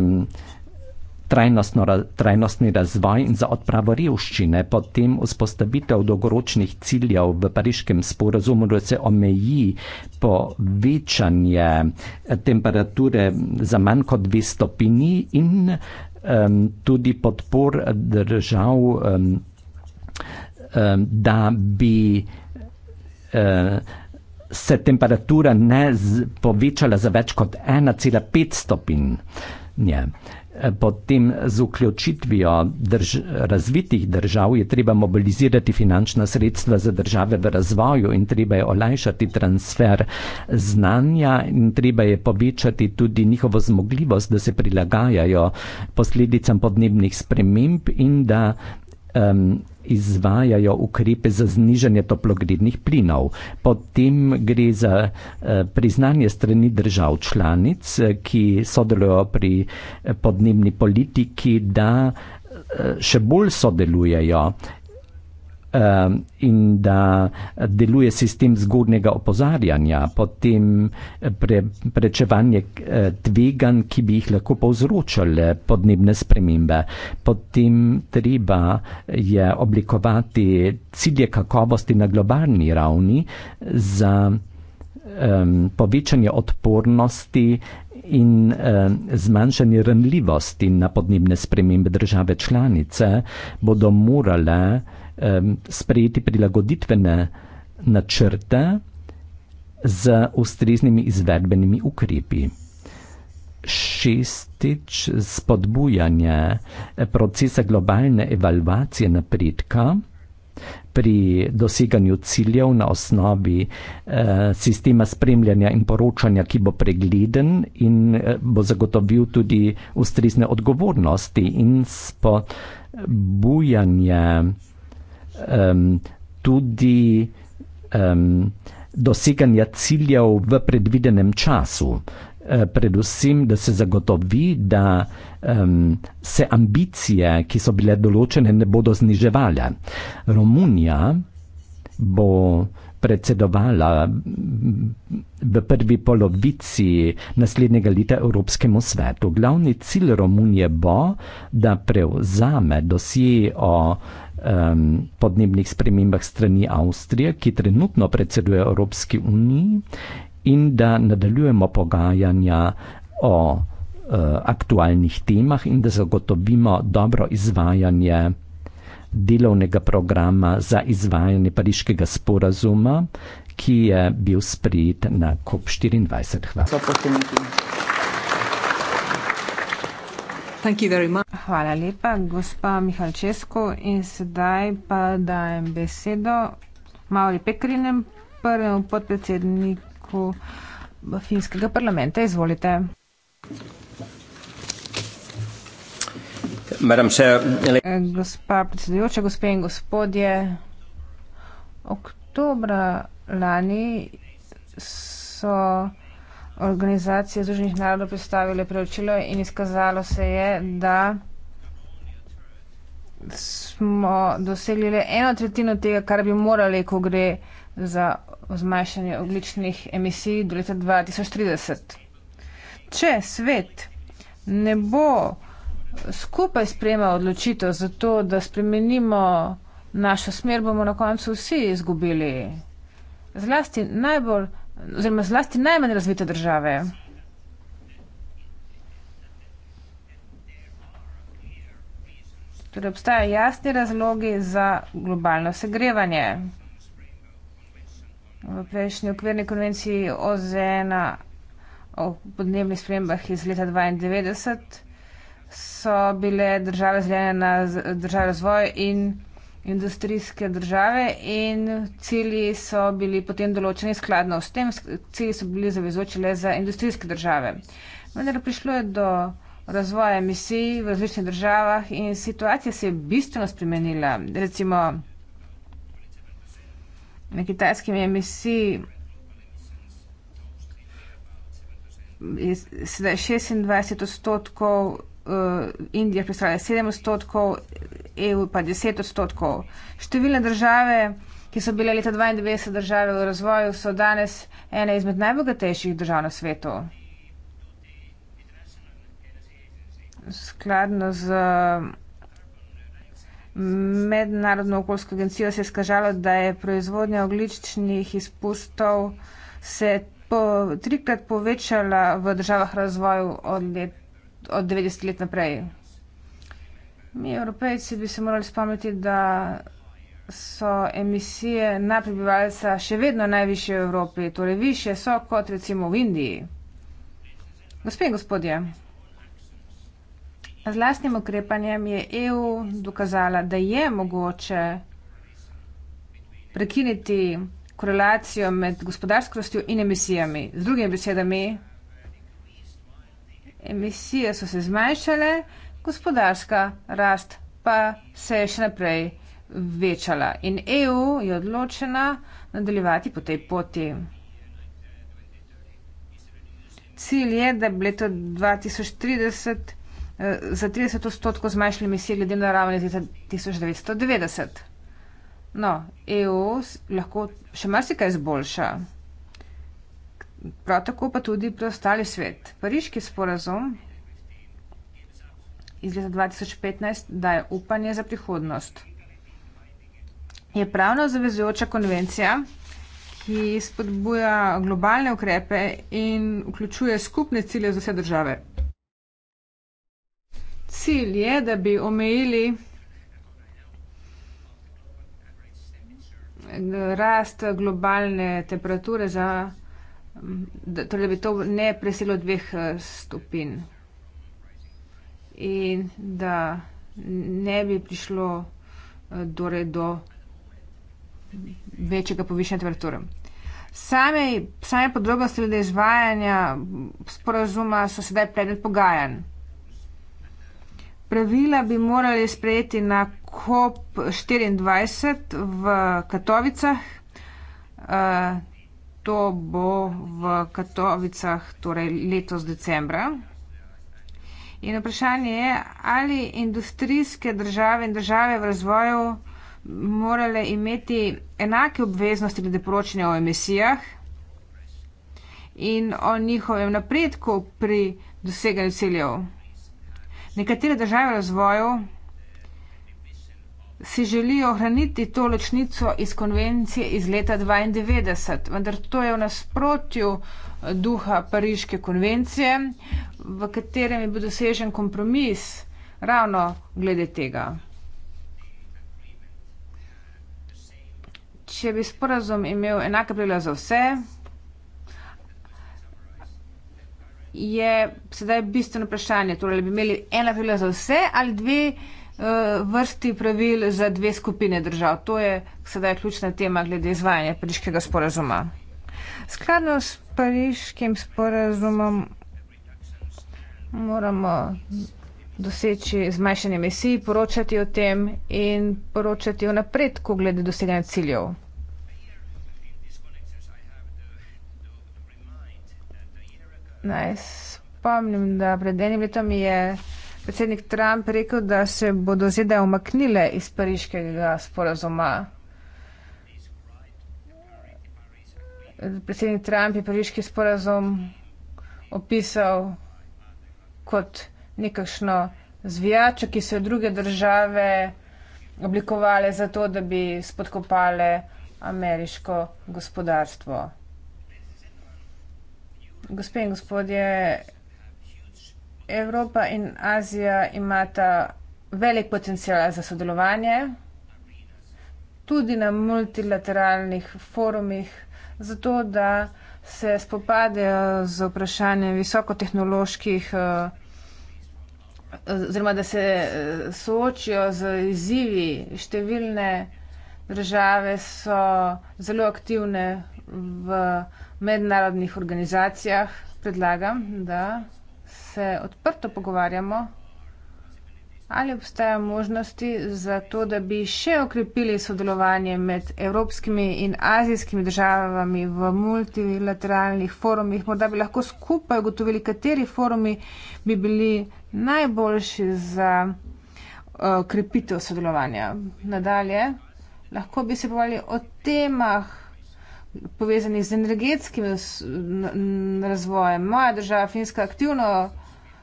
trajnostno, trajnostni razvoj in za odpravo revščine, potem vzpostavitev dolgoročnih ciljev v pariškem sporozumu, da se omeji povečanje eh, temperature za manj kot dve stopini in um, tudi podpor držav, um, um, da bi uh, se temperatura ne z, povečala za več kot 1,5 stopinje. Yeah potem z vključitvijo drž razvitih držav je treba mobilizirati finančna sredstva za države v razvoju in treba je olajšati transfer znanja in treba je povečati tudi njihovo zmogljivost, da se prilagajajo posledicam podnebnih sprememb in da um, izvajajo ukrepe za znižanje toplogrednih plinov. Potem gre za eh, priznanje strani držav članic, eh, ki sodelujo pri eh, podnebni politiki, da še bolj sodelujejo Ehm, in da deluje sistem zgodnega opozarjanja, potem eh, pre, prečevanje eh, tvegan, ki bi jih lahko povzročale podnebne spremembe. Potem treba je oblikovati cilje kakovosti na globalni ravni za um, povečanje odpornosti in eh, zmanjšanje ranljivosti na podnebne spremembe države članice bodo morale eh, sprejeti prilagoditvene načrte z ustreznimi izvedbenimi ukrepi. Šestič, spodbujanje procesa globalne evalvacije napredka pri doseganju ciljev na osnovi eh, sistema spremljanja in poročanja, ki bo pregleden in eh, bo zagotovil tudi ustrezne odgovornosti in spodbujanje eh, um, tudi um, doseganja ciljev v predvidenem času. E, predvsem, da se zagotovi, da um, se ambicije, ki so bile določene, ne bodo zniževale. Romunija bo predsedovala v prvi polovici naslednjega leta Evropskemu svetu. Glavni cilj Romunije bo, da prevzame dosije o um, podnebnih spremembah strani Avstrije, ki trenutno predseduje Evropski uniji, in da nadaljujemo pogajanja o uh, aktualnih temah in da zagotovimo dobro izvajanje delovnega programa za izvajanje pariškega sporazuma, ki je bil sprejet na COP24. Hvala. Hvala lepa, gospa Mihalčesko. In sedaj pa dajem besedo Mauri Pekrinem, prvemu podpredsedniku finskega parlamenta. Izvolite. Eh, gospa predsedujoča, gospe in gospodje, oktobra lani so organizacije Združenih narodov predstavile preočilo in izkazalo se je, da smo dosegli le eno tretjino tega, kar bi morali, ko gre za zmanjšanje ogličnih emisij do leta 2030. Če svet ne bo skupaj sprejemal odločitev za to, da spremenimo našo smer, bomo na koncu vsi izgubili. Zlasti najbolj oziroma zlasti najmanj razvite države. Torej obstajajo jasni razlogi za globalno segrevanje. V prejšnji okvirni konvenciji OZN-a o podnebnih spremembah iz leta 1992 so bile države zelene na države razvoj in razvoj industrijske države in cilji so bili potem določeni skladno s tem, cilji so bili zavezoči le za industrijske države. Vendar prišlo je do razvoja emisij v različnih državah in situacija se je bistveno spremenila. Recimo, na kitajskem je emisij sedaj 26 odstotkov uh, Indija predstavlja 7 odstotkov, EU pa 10 odstotkov. Številne države, ki so bile leta 92 države v razvoju, so danes ene izmed najbogatejših držav na svetu. Skladno z Mednarodno okoljsko agencijo se je skažalo, da je proizvodnja ogličnih izpustov se po, trikrat povečala v državah razvoju od leta od 90 let naprej. Mi, evropejci, bi se morali spomniti, da so emisije na prebivalca še vedno najviše v Evropi, torej više so kot recimo v Indiji. Gospe in gospodje, z lastnim ukrepanjem je EU dokazala, da je mogoče prekiniti korelacijo med gospodarskostjo in emisijami. Z drugimi besedami, emisije so se zmanjšale, gospodarska rast pa se je še naprej večala in EU je odločena nadaljevati po tej poti. Cilj je, da bi leto 2030 eh, za 30 odstotkov zmanjšali emisije glede na ravni iz leta 1990. No, EU lahko še marsikaj izboljša prav tako pa tudi preostali svet. Pariški sporazum iz leta 2015 daje upanje za prihodnost. Je pravno zavezujoča konvencija, ki spodbuja globalne ukrepe in vključuje skupne cilje za vse države. Cilj je, da bi omejili rast globalne temperature za da, torej, da bi to ne preselo dveh eh, stopinj in da ne bi prišlo eh, torej, do večjega povišanja temperature. Same, same podrobnosti glede izvajanja sporazuma so sedaj predmet pogajanj. Pravila bi morali sprejeti na COP24 v Katovicah. Eh, To bo v Katovicah torej letos decembra. In vprašanje je, ali industrijske države in države v razvoju morale imeti enake obveznosti glede poročanja o emisijah in o njihovem napredku pri doseganju ciljev. Nekatere države v razvoju si želijo ohraniti to ločnico iz konvencije iz leta 92, vendar to je v nasprotju eh, duha Pariške konvencije, v katerem je bil dosežen kompromis ravno glede tega. Če bi sporazum imel enake pravila za vse, je sedaj bistveno vprašanje, torej bi imeli ena pravila za vse ali dve pravila Eh, vrsti pravil za dve skupine držav. To je sedaj ključna tema glede izvajanja pariškega sporazuma. Skladno s pariškim sporazumom moramo doseči zmanjšanje emisij, poročati o tem in poročati o napredku glede doseganja ciljev. Naj spomnim, da pred enim letom je predsednik Trump rekel, da se bodo zede omaknile iz pariškega sporazuma. Predsednik Trump je pariški sporazum opisal kot nekakšno zvijačo, ki so druge države oblikovale zato, da bi spodkopale ameriško gospodarstvo. Gospe in gospodje, Evropa in Azija imata velik potencial za sodelovanje, tudi na multilateralnih forumih, zato da se spopadejo z vprašanjem visokotehnoloških, eh, oziroma da se eh, soočijo z izzivi. Številne države so zelo aktivne v mednarodnih organizacijah. Predlagam, da se odprto pogovarjamo, ali obstajajo možnosti za to, da bi še okrepili sodelovanje med evropskimi in azijskimi državami v multilateralnih forumih. Morda bi lahko skupaj ugotovili, kateri forumi bi bili najboljši za okrepitev eh, sodelovanja. Nadalje, lahko bi se povali o temah povezani z energetskim razvojem. Moja država, Finska, aktivno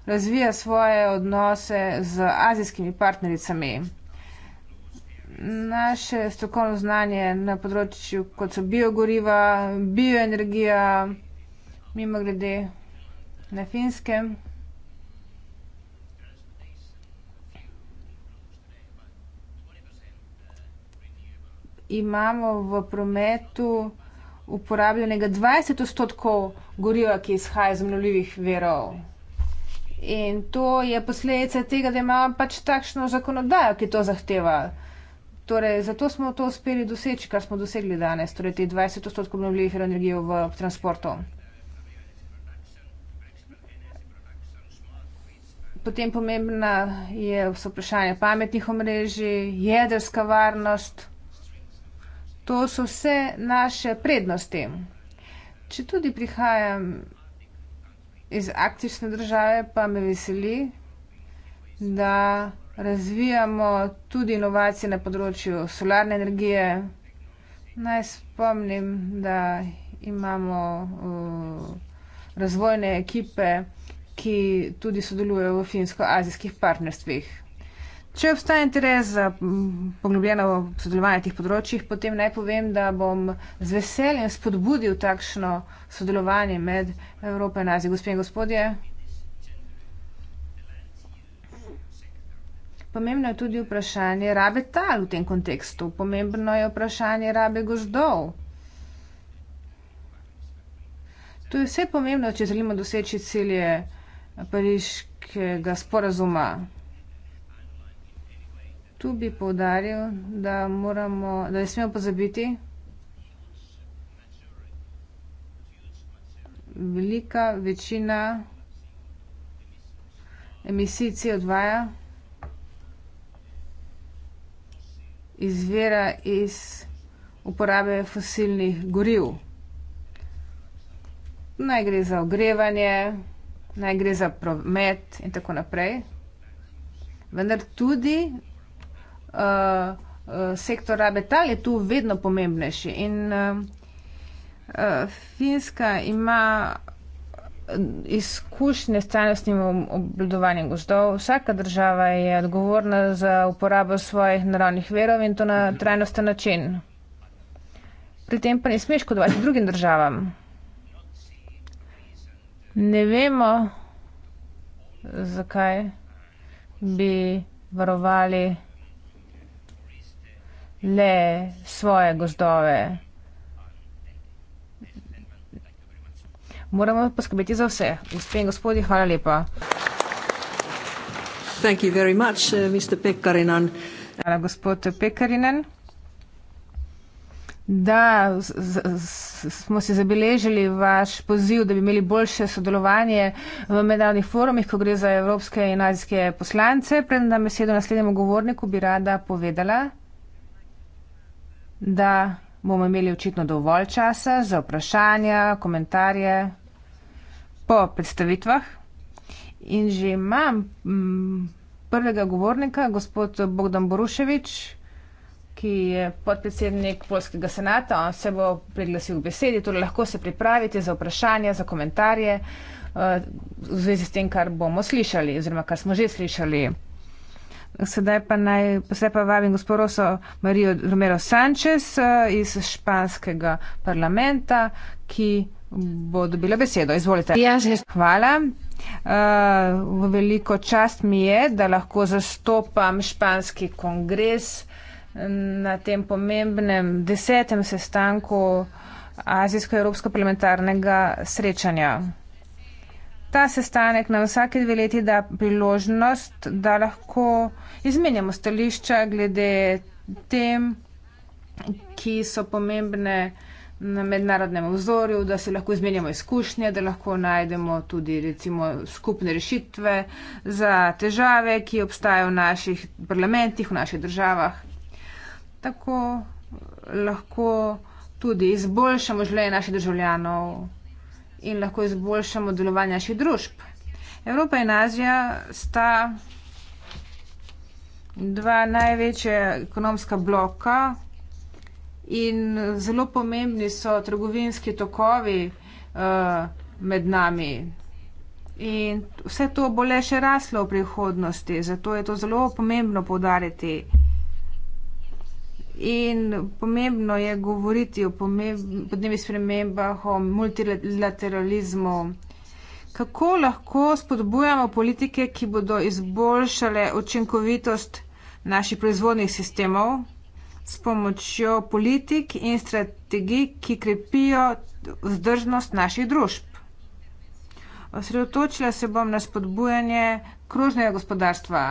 razvija svoje odnose z azijskimi partnericami. Naše strokovno znanje na področju, kot so biogoriva, bioenergija, mimo grede na finskem. Imamo v prometu uporabljenega dvajset odstotkov goriva, ki izhaja iz obnovljivih virov. In to je posledica tega, da imamo pač takšno zakonodajo, ki to zahteva. Torej, zato smo to uspeli doseči, kar smo dosegli danes, torej te 20 odstotkov obnovljivih energij v transportu. Potem pomembna je vprašanje pametnih omrežij, jedrska varnost. To so vse naše prednosti. Če tudi prihajam iz aktične države pa me veseli, da razvijamo tudi inovacije na področju solarne energije. Naj spomnim, da imamo eh, razvojne ekipe, ki tudi sodelujejo v finsko-azijskih partnerstvih. Če obstaja interes za poglobljeno sodelovanje na teh področjih, potem naj povem, da bom z veseljem spodbudil takšno sodelovanje med Evropo in Azijo. Gospe in gospodje, pomembno je tudi vprašanje rabe tal v tem kontekstu, pomembno je vprašanje rabe gozdov. To je vse pomembno, če želimo doseči cilje pariškega sporazuma. Tu bi poudaril, da moramo, da ne smemo pozabiti. Velika večina emisij CO2 izvira iz uporabe fosilnih goriv. Naj gre za ogrevanje, naj gre za promet in tako naprej. Vendar tudi uh, sektor rabe tal je tu vedno pomembnejši. In uh, Finska ima izkušnje s trajnostnim obledovanjem gozdov. Vsaka država je odgovorna za uporabo svojih naravnih verov in to na trajnosten način. Pri tem pa ne smeš škodovati drugim državam. Ne vemo, zakaj bi varovali le svoje gozdove. Moramo poskrbeti za vse. Gospe in gospodi, hvala lepa. Thank you very much, uh, Mr. Pekarinen. Hvala, gospod Pekarinen. Da, z, z, smo si zabeležili vaš poziv, da bi imeli boljše sodelovanje v mednarodnih forumih, ko gre za evropske in azijske poslance. Preden dam besedo naslednjemu govorniku, bi rada povedala da bomo imeli očitno dovolj časa za vprašanja, komentarje po predstavitvah. In že imam mm, prvega govornika, gospod Bogdan Boruševič, ki je podpredsednik Polskega senata. On se bo priglasil v besedi, torej lahko se pripravite za vprašanja, za komentarje eh, v zvezi s tem, kar bomo slišali oziroma kar smo že slišali. Sedaj pa naj posebej pa vabim gospodoso Marijo Romero Sanchez eh, iz španskega parlamenta, ki bo dobila besedo. Izvolite. Hvala. V eh, veliko čast mi je, da lahko zastopam španski kongres eh, na tem pomembnem desetem sestanku Azijsko-Evropsko parlamentarnega srečanja ta sestanek nam vsake dve leti da priložnost, da lahko izmenjamo stališča glede tem, ki so pomembne na mednarodnem obzorju, da se lahko izmenjamo izkušnje, da lahko najdemo tudi recimo skupne rešitve za težave, ki obstajajo v naših parlamentih, v naših državah. Tako lahko tudi izboljšamo življenje naših državljanov in lahko izboljšamo delovanje naših družb. Evropa in Azija sta dva največja ekonomska bloka in zelo pomembni so trgovinski tokovi uh, med nami. In vse to bo le še raslo v prihodnosti, zato je to zelo pomembno povdariti. In pomembno je govoriti o podnebnih spremembah, o multilateralizmu. Kako lahko spodbujamo politike, ki bodo izboljšale učinkovitost naših proizvodnih sistemov s pomočjo politik in strategij, ki krepijo vzdržnost naših družb? Osredotočila se bom na spodbujanje krožnega gospodarstva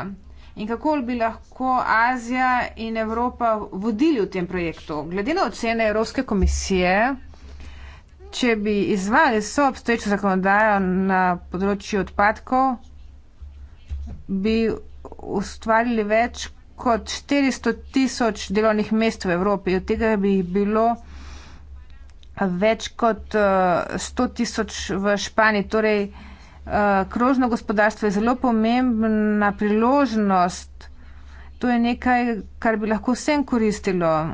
in kako bi lahko Azija in Evropa vodili v tem projektu? Glede na ocene Evropske komisije, če bi izvali so obstoječo zakonodajo na področju odpadkov, bi ustvarili več kot 400 tisoč delovnih mest v Evropi. Od tega bi jih bilo več kot 100 eh, tisoč v Španiji. Torej, Eh, krožno gospodarstvo je zelo pomembna priložnost. To je nekaj, kar bi lahko vsem koristilo.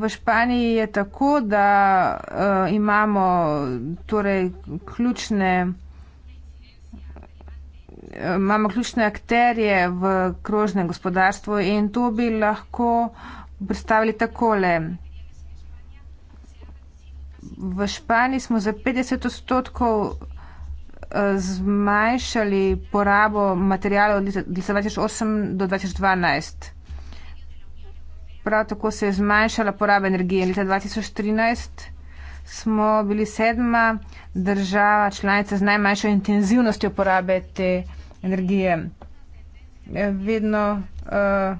V Španiji je tako, da uh, imamo torej ključne, uh, imamo ključne akterje v krožnem gospodarstvu in to bi lahko predstavili takole v Španiji smo za 50 odstotkov eh, zmanjšali porabo materijalov od 2008 do 2012. Prav tako se je zmanjšala poraba energije. Leta 2013 smo bili sedma država članica z najmanjšo intenzivnostjo porabe te energije. Vedno uh,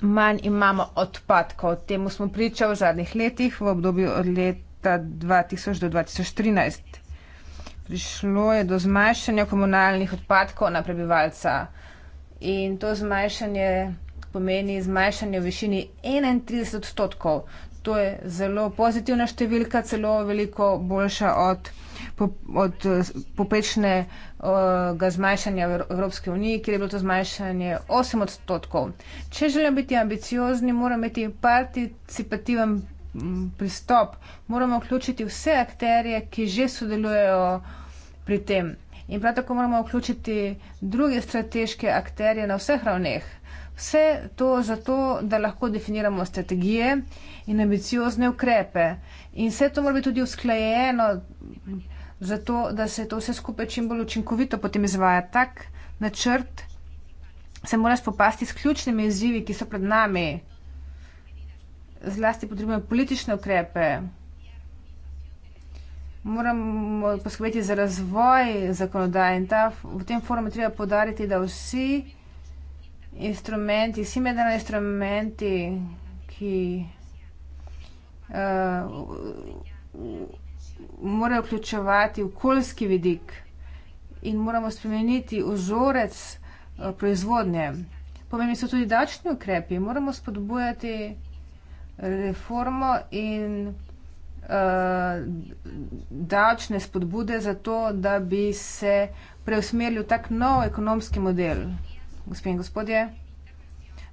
manj imamo odpadkov. Temu smo pričali v zadnjih letih, v obdobju od let leta 2000 do 2013. Prišlo je do zmanjšanja komunalnih odpadkov na prebivalca in to zmanjšanje pomeni zmanjšanje v višini 31 odstotkov. To je zelo pozitivna številka, celo veliko boljša od, po, od popečnega zmanjšanja v Evropski uniji, kjer je bilo to zmanjšanje 8 odstotkov. Če želim biti ambiciozni, moram imeti participativen pristop, moramo vključiti vse akterje, ki že sodelujejo pri tem. In prav tako moramo vključiti druge strateške akterje na vseh ravneh. Vse to zato, da lahko definiramo strategije in ambiciozne ukrepe. In vse to mora biti tudi usklajeno zato, da se to vse skupaj čim bolj učinkovito potem izvaja. Tak načrt se mora spopasti s ključnimi izzivi, ki so pred nami zlasti potrebujemo politične ukrepe. Moramo poskrbeti za razvoj zakonodaje in ta, v tem forumu treba podariti, da vsi instrumenti, vsi mednarodni instrumenti, ki uh, morajo vključevati okoljski vidik in moramo spremeniti vzorec uh, proizvodnje. Pomembni so tudi davčni ukrepi. Moramo spodbujati reformo in uh, davčne spodbude za to, da bi se preusmeril tak nov ekonomski model. Gospod in gospodje,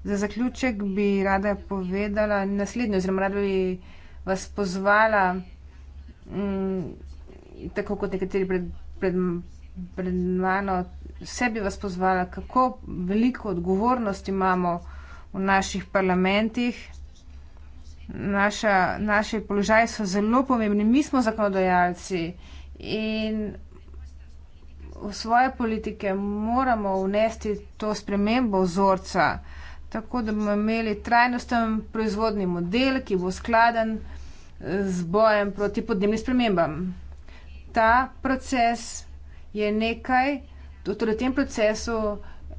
za zaključek bi rada povedala naslednjo, oziroma rada bi vas pozvala, m, mm, tako kot nekateri pred, pred, pred mano, vse bi vas pozvala, kako veliko odgovornosti imamo v naših parlamentih naša, naši položaji so zelo pomembni. Mi smo zakonodajalci in v svoje politike moramo vnesti to spremembo vzorca, tako da bomo imeli trajnosten proizvodni model, ki bo skladen z bojem proti podnebnim spremembam. Ta proces je nekaj, tudi v tem procesu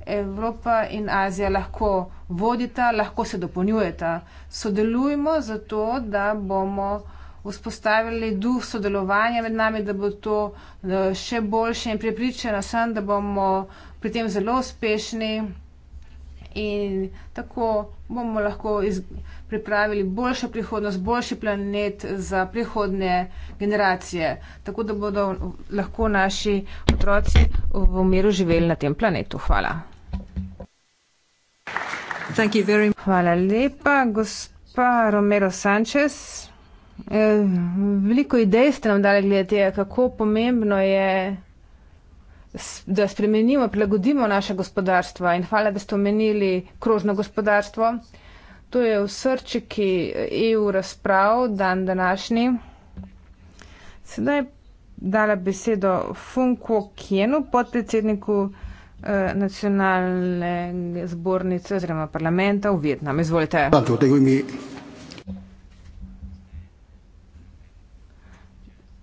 Evropa in Azija lahko vodita, lahko se dopolnjujeta. Sodelujmo zato, da bomo vzpostavili duh sodelovanja med nami, da bo to še boljše in prepričana sem, da bomo pri tem zelo uspešni in tako bomo lahko pripravili boljšo prihodnost, boljši planet za prihodne generacije, tako da bodo lahko naši otroci v miru živeli na tem planetu. Hvala. Thank you. Hvala lepa, gospa Romero Sanchez. E, veliko idej ste nam dali gledati, kako pomembno je, da spremenimo, prilagodimo naše gospodarstvo in hvala, da ste omenili krožno gospodarstvo. To je v srčiki EU razprav dan današnji. Sedaj dala besedo Funko Kienu, podpredsedniku. Eh, nacionalne zbornice oziroma parlamenta v Vietnam. Izvolite.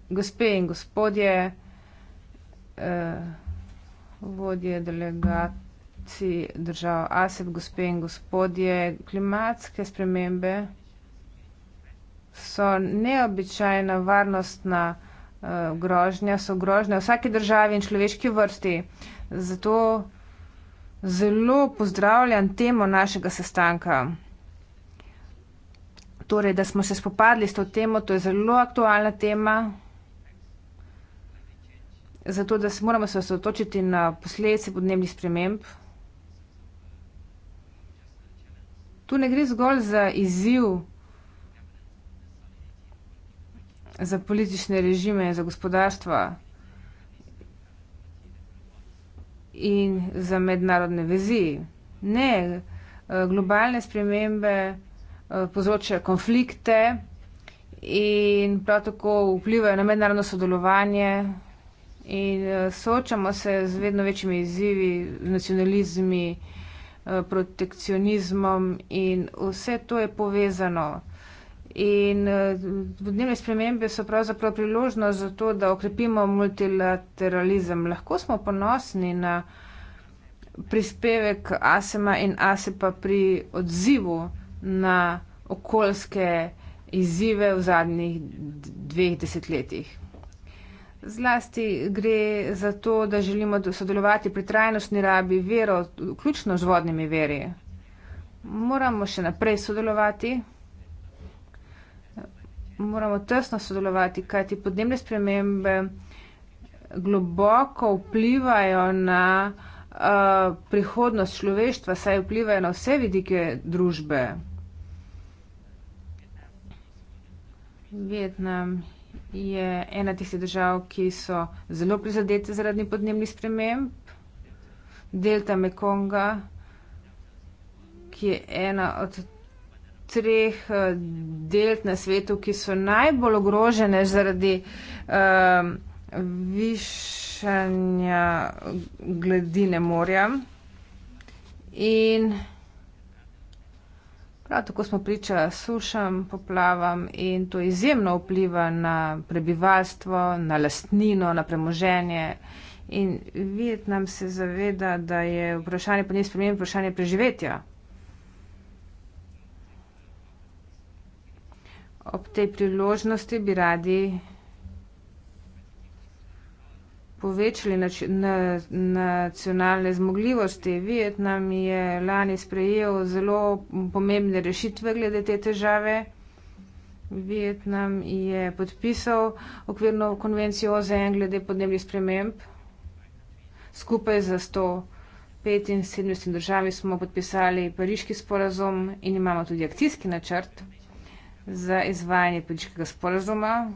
Gospe in gospodje, eh, vodje delegacij držav ASEP, gospe in gospodje, klimatske spremembe so neobičajna varnostna eh, grožnja, so grožnja vsake državi in človeški vrsti. Zato zelo pozdravljam temo našega sestanka. Torej, da smo se spopadli s to temo, to je zelo aktualna tema. Zato, da se moramo osredotočiti na posledice podnebnih sprememb. Tu ne gre zgolj za izziv za politične režime, za gospodarstva. in za mednarodne vezi. Ne, eh, globalne spremembe eh, povzročajo konflikte in prav tako vplivajo na mednarodno sodelovanje in eh, soočamo se z vedno večjimi izzivi, nacionalizmi, protekcionizmom in vse to je povezano. In vodnebne eh, spremembe so pravzaprav priložnost za to, da okrepimo multilateralizem. Lahko smo ponosni na prispevek ASEMA in ASEPA pri odzivu na okoljske izzive v zadnjih dveh desetletjih. Zlasti gre za to, da želimo sodelovati pri trajnostni rabi vero, vključno z vodnimi veri. Moramo še naprej sodelovati moramo tesno sodelovati, kajti podnebne spremembe globoko vplivajo na uh, prihodnost človeštva, saj vplivajo na vse vidike družbe. Vietnam je ena tistih držav, ki so zelo prizadete zaradi podnebnih sprememb. Delta Mekonga, ki je ena od treh eh, del na svetu, ki so najbolj ogrožene zaradi um, višanja gladine morja. In prav tako smo priča sušam, poplavam in to izjemno vpliva na prebivalstvo, na lastnino, na premoženje. In Vietnam se zaveda, da je vprašanje po njej spremenjen vprašanje preživetja. ob tej priložnosti bi radi povečali nač na nacionalne zmogljivosti. Vietnam je lani sprejel zelo pomembne rešitve glede te težave. Vietnam je podpisal okvirno konvencijo OZN glede podnebnih sprememb. Skupaj za 175 državami smo podpisali pariški sporazum in imamo tudi akcijski načrt. Za izvajanje pričkega sporazuma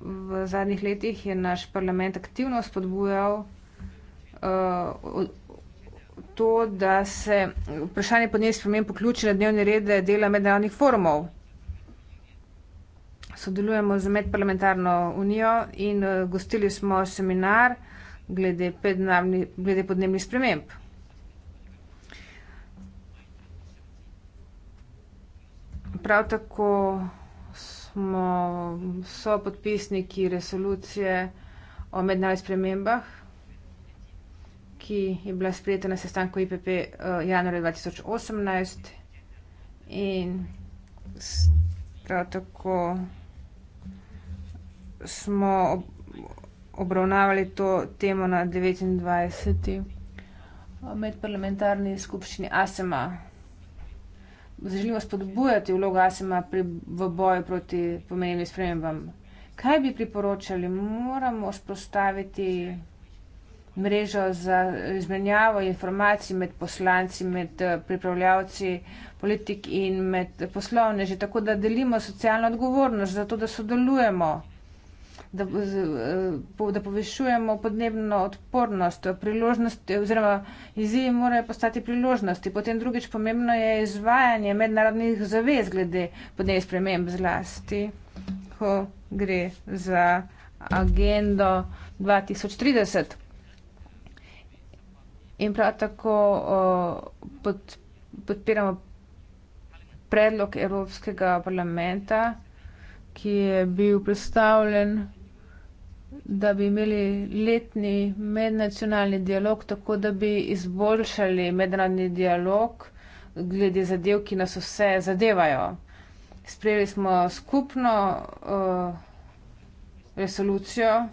v zadnjih letih je naš parlament aktivno spodbujal uh, to, da se vprašanje podnebnih sprememb vključi na dnevne rede dela mednarodnih forumov. Sodelujemo z Medparlamentarno unijo in uh, gostili smo seminar glede, glede podnebnih sprememb. prav tako smo sopodpisniki resolucije o mednarodnih spremembah, ki je bila sprejeta na sestanku IPP uh, eh, januarja 2018 in prav tako smo ob obravnavali to temo na 29. Eh, medparlamentarni skupščini ASEMA želimo spodbujati vlogo ASEMA v boju proti pomenjenim spremembam. Kaj bi priporočali? Moramo spostaviti mrežo za izmenjavo informacij med poslanci, med eh, pripravljavci politik in med poslovneži, tako da delimo socialno odgovornost za to, da sodelujemo da, eh, da povešujemo podnebno odpornost. Oziroma, izzivi morajo postati priložnosti. Potem drugič pomembno je izvajanje mednarodnih zavez glede podnebnih sprememb zlasti, ko gre za agendo 2030. In prav tako o, pod, podpiramo predlog Evropskega parlamenta, ki je bil predstavljen da bi imeli letni mednacionalni dialog, tako da bi izboljšali mednarodni dialog glede zadev, ki nas vse zadevajo. Sprejeli smo skupno uh, resolucijo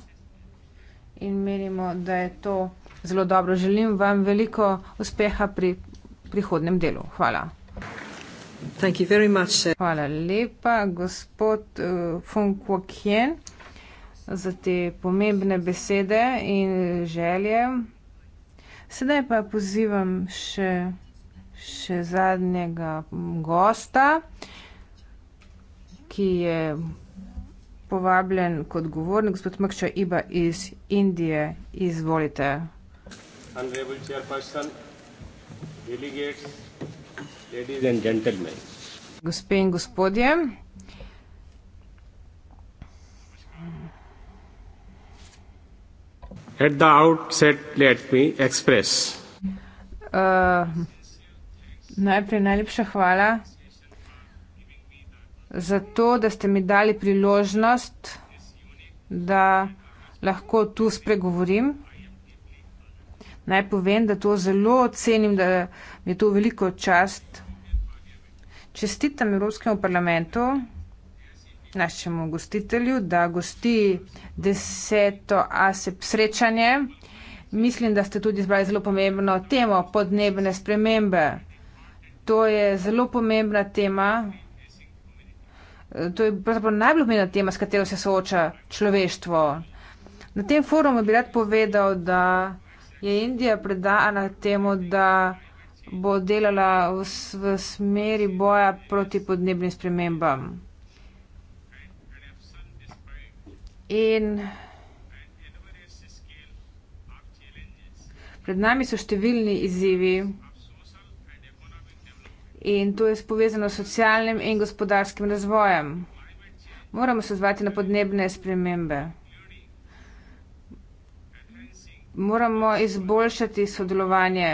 in menimo, da je to zelo dobro. Želim vam veliko uspeha pri prihodnem delu. Hvala. Much, Hvala lepa, gospod uh, Fung Kuo Kien za te pomembne besede in želje. Sedaj pa pozivam še, še zadnjega gosta, ki je povabljen kot govornik, gospod Mkča Iba iz Indije. Izvolite. Gospe in gospodje, at the outset let me express. Uh, najprej najlepša hvala za to, da ste mi dali priložnost, da lahko tu spregovorim. Naj povem, da to zelo ocenim, da je to veliko čast. Čestitam Evropskemu parlamentu našemu gostitelju, da gosti deseto ASEP srečanje. Mislim, da ste tudi izbrali zelo pomembno temo podnebne spremembe. To je zelo pomembna tema. To je pravzaprav najbolj pomembna tema, s katero se sooča človeštvo. Na tem forumu bi rad povedal, da je Indija predana temu, da bo delala v, v smeri boja proti podnebnim spremembam. In pred nami so številni izzivi. In to je spovezano s socialnim in gospodarskim razvojem. Moramo se odzvati na podnebne spremembe. Moramo izboljšati sodelovanje.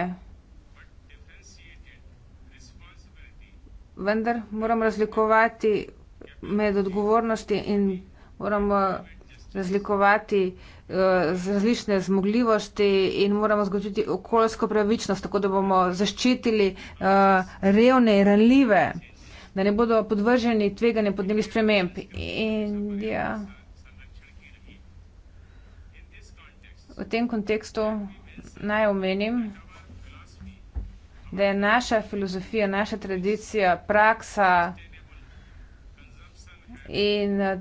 Vendar moramo razlikovati med odgovornosti in moramo razlikovati uh, različne zmogljivosti in moramo zgoditi okoljsko pravičnost, tako da bomo zaščitili uh, revne in ranljive, da ne bodo podvrženi tveganje podnebnih sprememb. In, ja. V tem kontekstu naj omenim, da je naša filozofija, naša tradicija, praksa, in eh,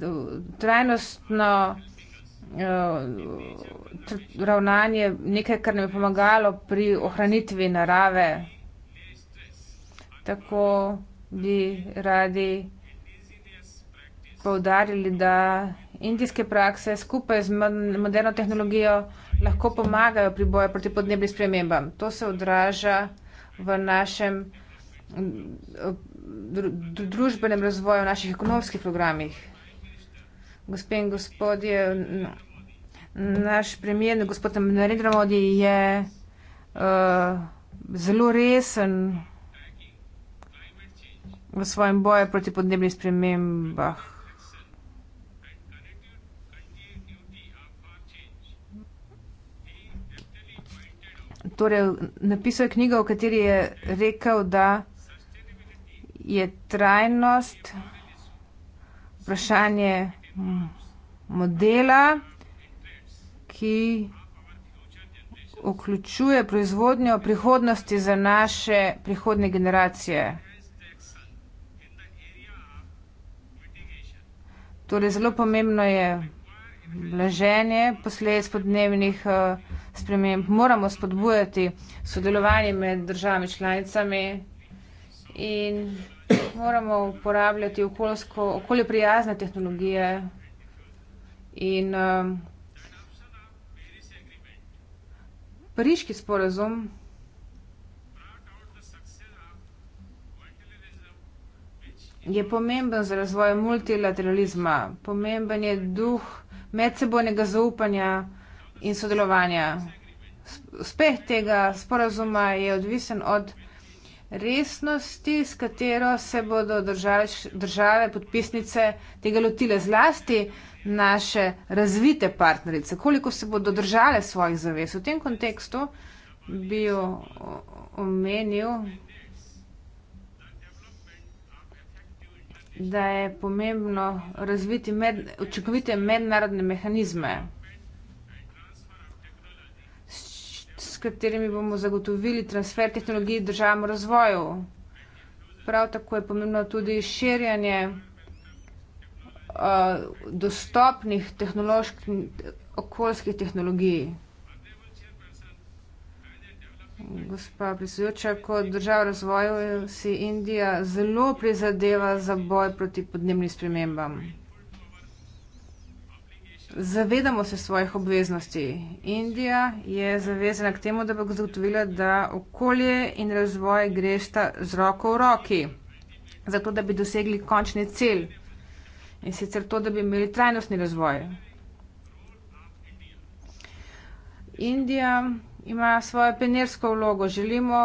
trajnostno eh, ravnanje nekaj, kar nam je pomagalo pri ohranitvi narave. Tako bi radi povdarili, da indijske prakse skupaj z moderno tehnologijo lahko pomagajo pri boju proti podnebnim spremembam. To se odraža v našem vsakodnevnem življenju družbenem razvoju, v naših ekonomskih programih. Gospe in gospodje, naš premijer, gospod Narendra Modi, je uh, zelo resen v svojem boju proti podnebnim spremembah. Torej, napisal je knjigo, v kateri je rekel, da je trajnost vprašanje modela, ki vključuje proizvodnjo prihodnosti za naše prihodnje generacije. Torej zelo pomembno je blaženje posledic podnebnih eh, sprememb. Moramo spodbujati sodelovanje med državami članicami in moramo uporabljati okoljsko, okolje prijazne tehnologije in um, pariški sporazum je pomemben za razvoj multilateralizma, pomemben je duh medsebojnega zaupanja in sodelovanja. Uspeh tega sporazuma je odvisen od resnosti, s katero se bodo držav, države podpisnice tega lotile, zlasti naše razvite partnerice, koliko se bodo držale svojih zavez. V tem kontekstu bi jo omenil, da je pomembno razviti med, učinkovite mednarodne mehanizme. katerimi bomo zagotovili transfer tehnologij državam v razvoju. Prav tako je pomembno tudi širjanje uh, dostopnih okoljskih tehnologij. Gospa predsedujoča, kot država razvoju si Indija zelo prizadeva za boj proti podnebnim spremembam. Zavedamo se svojih obveznosti. Indija je zavezana k temu, da bo zagotovila, da okolje in razvoj gresta z roko v roki, zato da bi dosegli končni cilj in sicer to, da bi imeli trajnostni razvoj. Indija ima svojo penersko vlogo. Želimo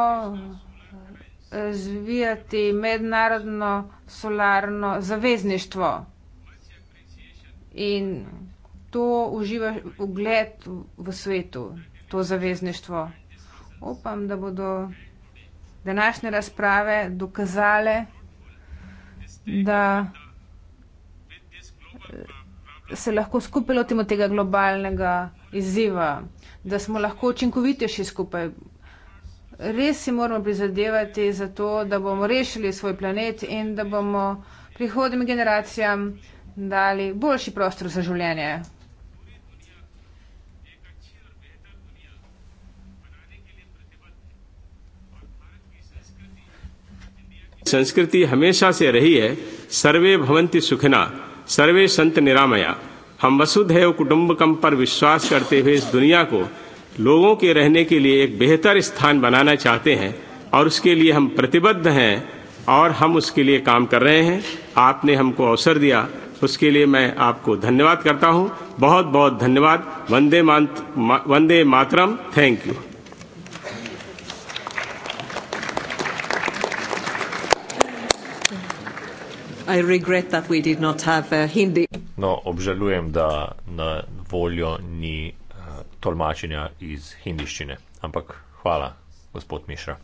razvijati eh, mednarodno solarno zavezništvo in to uživaš ugled v svetu, to zavezništvo. Upam, da bodo današnje razprave dokazale, da eh, se lahko skupaj lotimo tega globalnega izziva, da smo lahko učinkovitejši skupaj. Res si moramo prizadevati za to, da bomo rešili svoj planet in da bomo prihodnim generacijam dali boljši prostor za življenje. संस्कृति हमेशा से रही है सर्वे भवंती सुखना सर्वे संत निरामया हम वसुधैव कुटुम्बकम पर विश्वास करते हुए इस दुनिया को लोगों के रहने के लिए एक बेहतर स्थान बनाना चाहते हैं और उसके लिए हम प्रतिबद्ध हैं और हम उसके लिए काम कर रहे हैं आपने हमको अवसर दिया उसके लिए मैं आपको धन्यवाद करता हूँ बहुत बहुत धन्यवाद वंदे मात Vande Mataram thank you Uh, no, obžalujem, da na voljo ni uh, tolmačenja iz hindiščine. Ampak hvala, gospod Mišra.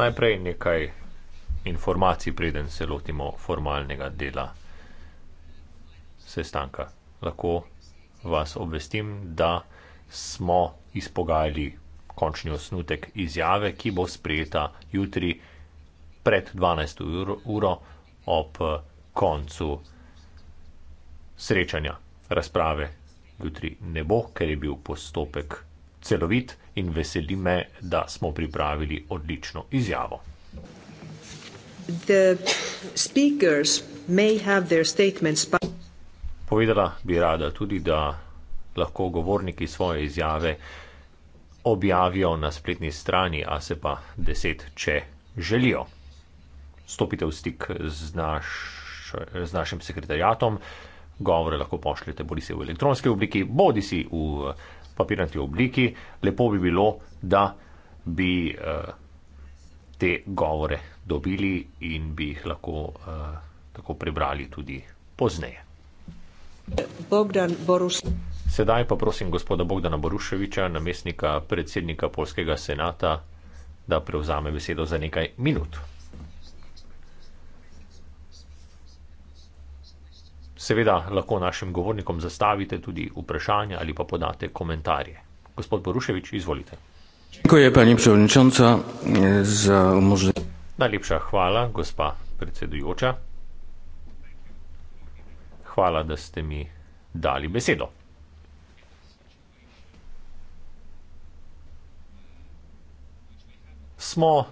Najprej nekaj informacij, preden se lotimo formalnega dela sestanka. Lahko vas obvestim, da smo izpogajali končni osnutek izjave, ki bo sprejeta jutri pred 12. uro ob koncu srečanja. Razprave jutri ne bo, ker je bil postopek celovit in veseli me, da smo pripravili odlično izjavo. Povedala bi rada tudi, da lahko govorniki svoje izjave objavijo na spletni strani, a se pa deset, če želijo stopite v stik z, naš, z našim sekretarjatom, govore lahko pošljete bodi si v elektronski obliki, bodi si v papirnati obliki. Lepo bi bilo, da bi uh, te govore dobili in bi jih lahko uh, tako prebrali tudi pozneje. Bogdan Boruš. Sedaj pa prosim gospoda Bogdana Boruševiča, namestnika predsednika Polskega senata, da prevzame besedo za nekaj minut. Seveda lahko našim govornikom zastavite tudi vprašanja ali pa podate komentarje. Gospod Boruševič, izvolite. Najlepša hvala, gospa predsedujoča. Hvala, da ste mi dali besedo. Smo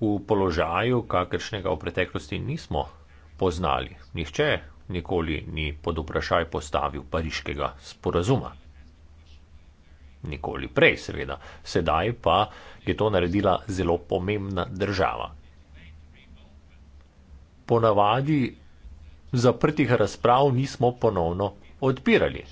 v položaju, kakršnega v preteklosti nismo poznali. Nihče nikoli ni pod vprašaj postavil pariškega sporazuma. Nikoli prej, seveda, sedaj pa je to naredila zelo pomembna država. Ponavadi zaprtih razprav nismo ponovno odpirali.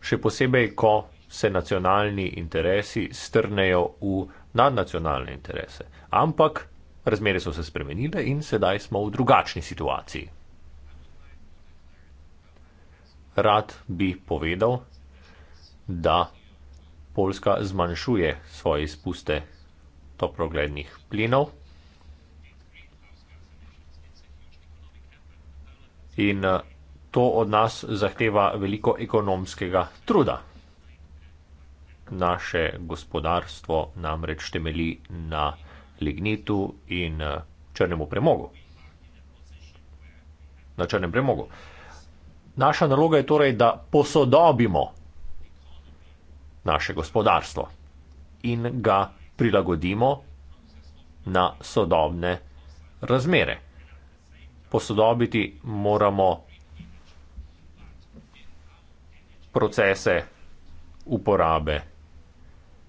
Še posebej, ko se nacionalni interesi strnejo v nadnacionalne interese. Ampak Razmere so se spremenile in sedaj smo v drugačni situaciji. Rad bi povedal, da Poljska zmanjšuje svoje izpuste toproglednih plinov in eh, to od nas zahteva veliko ekonomskega truda. Naše gospodarstvo namreč temeli na lignitu in eh, črnemu premogu. Na črnem premogu. Naša naloga je torej, da posodobimo naše gospodarstvo in ga prilagodimo na sodobne razmere. Posodobiti moramo procese uporabe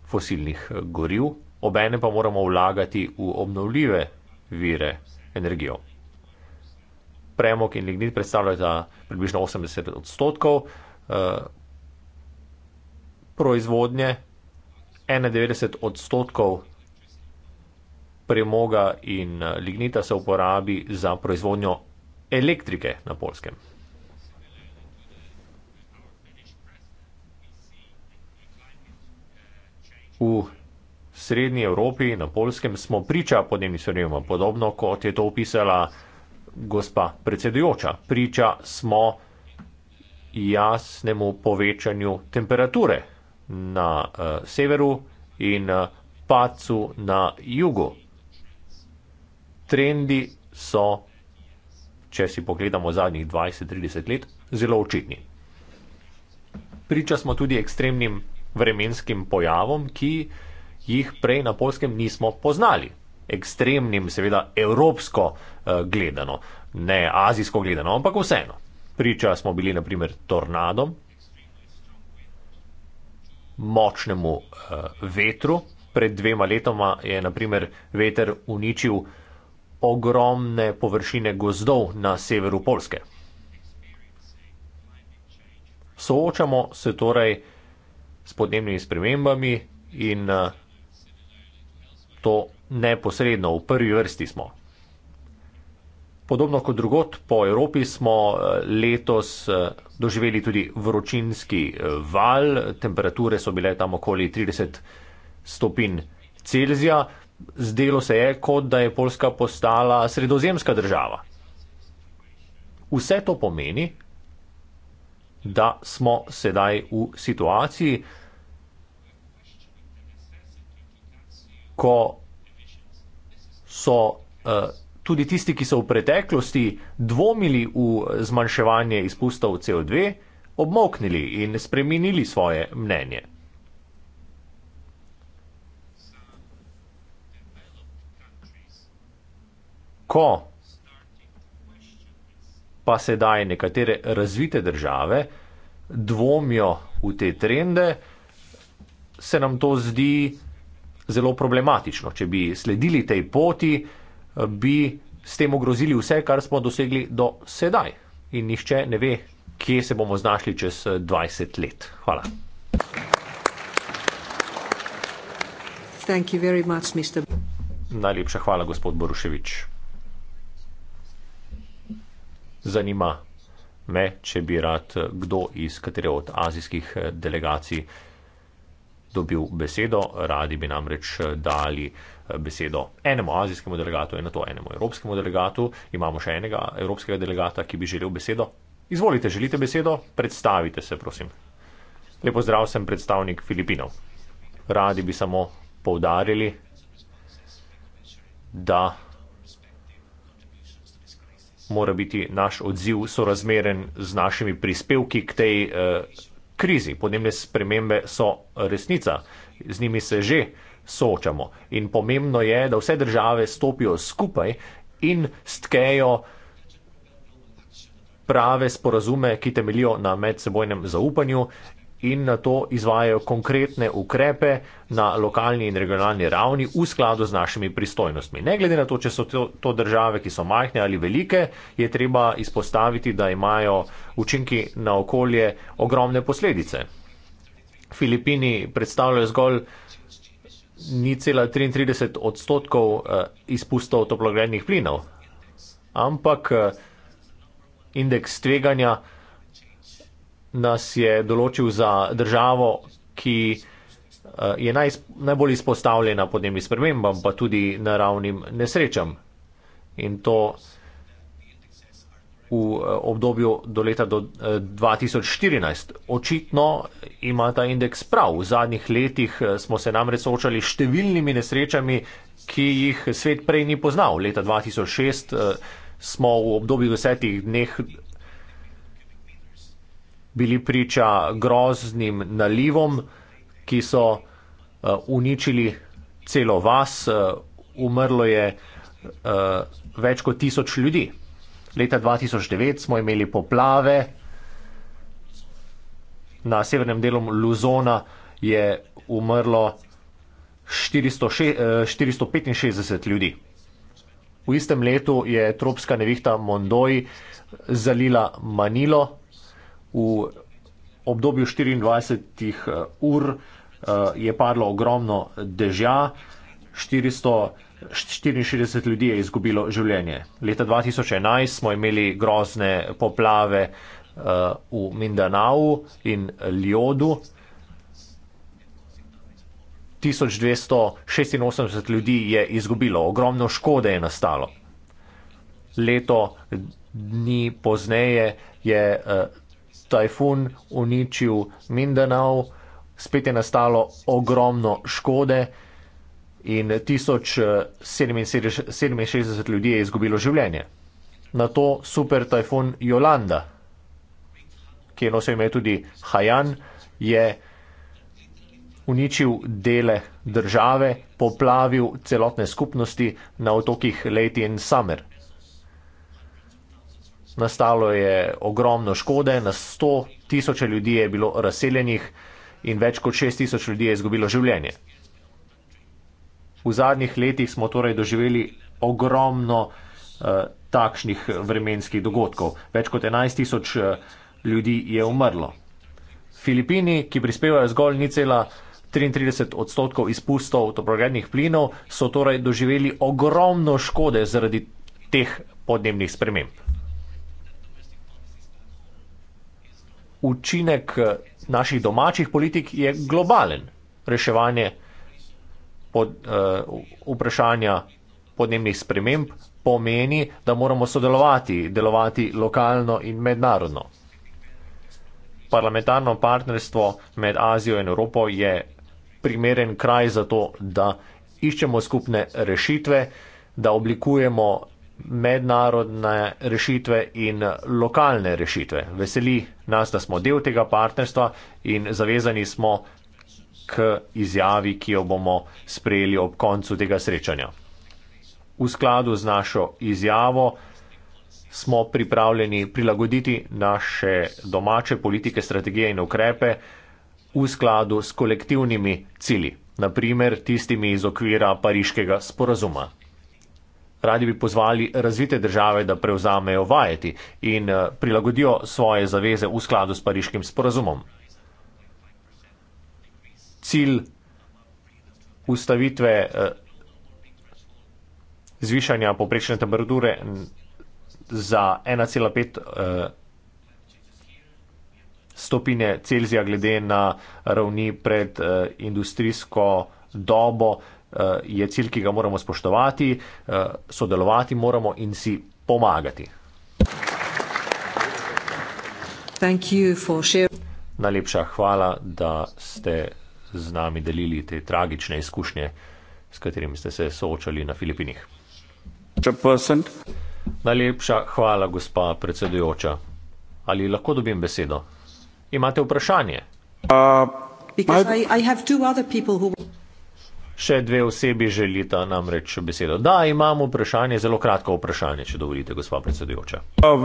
fosilnih eh, goriv, obenem pa moramo vlagati v obnovljive vire energijo. Premog in lignit predstavljata približno 80 odstotkov eh, proizvodnje, 91 odstotkov premoga in eh, lignita se uporabi za proizvodnjo elektrike na polskem. V srednji Evropi, na polskem, smo priča podnebnim spremembam, podobno kot je to opisala gospa predsedujoča. Priča smo jasnemu povečanju temperature na uh, severu in uh, eh, pacu na jugu. Trendi so, če si pogledamo zadnjih 20-30 let, zelo očitni. Priča smo tudi ekstremnim vremenskim pojavom, ki uh, jih prej na polskem nismo poznali. Ekstremnim, seveda evropsko eh, gledano, ne azijsko gledano, ampak vseeno. Priča smo bili naprimer tornadom, močnemu eh, vetru. Pred dvema letoma je naprimer veter uničil ogromne površine gozdov na severu Polske. Soočamo se torej s podnebnimi spremembami in uh, to neposredno, v prvi vrsti smo. Podobno kot drugot po Evropi smo eh, letos eh, doživeli tudi vročinski eh, val, temperature so bile tam okoli 30 stopinj Celzija. Zdelo se je, kot da je Poljska postala sredozemska država. Vse to pomeni, da smo sedaj v situaciji, ko so eh, tudi tisti, ki so v preteklosti dvomili v zmanjševanje izpustov CO2, obmoknili in spremenili svoje mnenje. Ko pa sedaj nekatere razvite države dvomijo v te trende, se nam to zdi uh, zelo problematično. Če bi sledili tej poti, eh, bi s tem ogrozili vse, kar smo dosegli do sedaj. In nihče ne ve, kje se bomo znašli čez 20 eh, let. Hvala. Much, Najlepša hvala, gospod Boruševič. Zanima me, če bi rad eh, kdo iz katere od azijskih delegacij dobil besedo. Radi bi namreč eh, dali eh, besedo enemu azijskemu delegatu in na to enemu evropskemu delegatu. Imamo še enega evropskega delegata, ki bi želel besedo. Izvolite, želite besedo? Predstavite se, prosim. Lepo zdrav, sem predstavnik Filipinov. Radi bi samo povdarili, da mora biti naš odziv sorazmeren z našimi prispevki k tej eh, krizi. Podnebne spremembe so resnica, z njimi se že soočamo. In pomembno je, da vse države stopijo skupaj in stkejo prave sporazume, ki temelijo na medsebojnem zaupanju in na to izvajajo konkretne ukrepe na lokalni in regionalni ravni v skladu z našimi pristojnostmi. Ne glede na to, če so to, to države, ki so majhne ali velike, je treba izpostaviti, da imajo učinki na okolje ogromne posledice. Filipini predstavljajo zgolj ni cela 33 odstotkov eh, izpustov toplogrednih plinov, ampak eh, indeks tveganja nas je določil za državo, ki eh, je naj, najbolj izpostavljena podnebnim spremembam, pa tudi naravnim nesrečam. In to v eh, obdobju do leta do 2014. Eh, Očitno ima ta indeks prav. V zadnjih letih smo se namreč soočali s številnimi nesrečami, ki jih svet prej ni poznal. Leta 2006 smo v obdobju desetih dneh bili priča groznim nalivom, ki so uh, uničili celo vas, uh, umrlo je uh, več kot tisoč ljudi. Leta 2009 smo imeli poplave, na severnem delu Luzona je umrlo 465 ljudi. V istem letu je tropska nevihta Mondoji zalila Manilo, v obdobju 24 eh, ur eh, je padlo ogromno dežja, 464 ljudi je izgubilo življenje. Leta 2011 smo imeli grozne poplave eh, v Mindanau in Ljodu. 1286 ljudi je izgubilo, ogromno škode je nastalo. Leto dni pozneje je tajfun uničil Mindanao, spet je nastalo ogromno škode in 1767 eh, ljudi je izgubilo življenje. Na to super tajfun Jolanda, ki je nosil ime tudi Hajan, je uničil dele države, poplavil celotne skupnosti na otokih Leyte in Summer nastalo je ogromno škode, na 100 tisoče ljudi je bilo razseljenih in več kot 6 tisoč ljudi je izgubilo življenje. V zadnjih letih smo torej doživeli ogromno uh, takšnih vremenskih dogodkov. Več kot 11 tisoč uh, ljudi je umrlo. Filipini, ki prispevajo zgolj nicela 33 odstotkov izpustov toplogrednih plinov, so torej doživeli ogromno škode zaradi teh podnebnih sprememb. učinek eh, naših domačih politik je globalen. Reševanje pod, uh, vprašanja podnebnih sprememb pomeni, da moramo sodelovati, delovati lokalno in mednarodno. Parlamentarno partnerstvo med Azijo in Evropo je primeren kraj za to, da iščemo skupne rešitve, da oblikujemo mednarodne rešitve in lokalne rešitve. Veseli nas, da smo del tega partnerstva in zavezani smo k izjavi, ki jo bomo sprejeli ob koncu tega srečanja. V skladu z našo izjavo smo pripravljeni prilagoditi naše domače politike, strategije in ukrepe v skladu s kolektivnimi cili, naprimer tistimi iz okvira Pariškega sporazuma. Radi bi pozvali razvite države, da prevzamejo vajeti in eh, prilagodijo svoje zaveze v skladu s pariškim sporazumom. Cilj ustavitve eh, zvišanja poprečne temperature za 1,5 eh, stopine Celzija glede na ravni pred industrijsko dobo Eh, je cilj, ki ga moramo spoštovati, eh, sodelovati moramo in si pomagati. Najlepša hvala, da ste z nami delili te tragične izkušnje, s katerimi ste se soočali na Filipinih. Najlepša hvala, gospa predsedujoča. Ali lahko dobim besedo? Imate vprašanje? Uh, Because I, I have two other people who še dve osebi želita namreč besedo. Da, imamo vprašanje, zelo kratko vprašanje, če dovolite, gospa predsedujoča. Ja,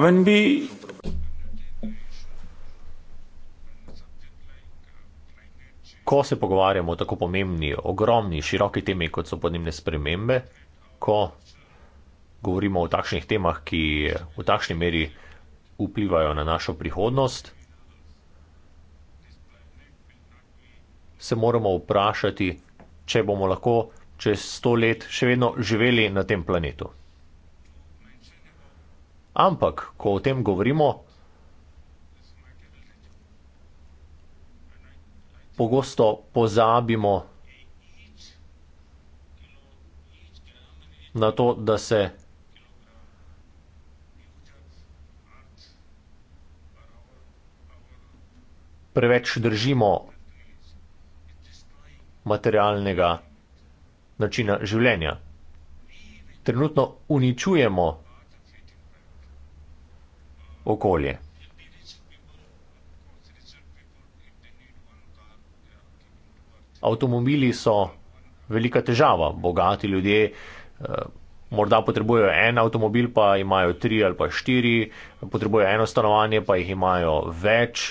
ko se pogovarjamo o tako pomembni, ogromni, široki temi, kot so podnebne spremembe, ko govorimo o takšnih temah, ki v takšni meri vplivajo na našo prihodnost, se moramo vprašati, če bomo lahko čez sto let še vedno živeli na tem planetu. Ampak, ko o tem govorimo, pogosto pozabimo na to, da se preveč držimo materialnega načina življenja. Trenutno uničujemo okolje. Avtomobili so velika težava. Bogati ljudje eh, morda potrebujejo en avtomobil, pa imajo tri ali pa štiri, potrebujejo eno stanovanje, pa jih imajo več.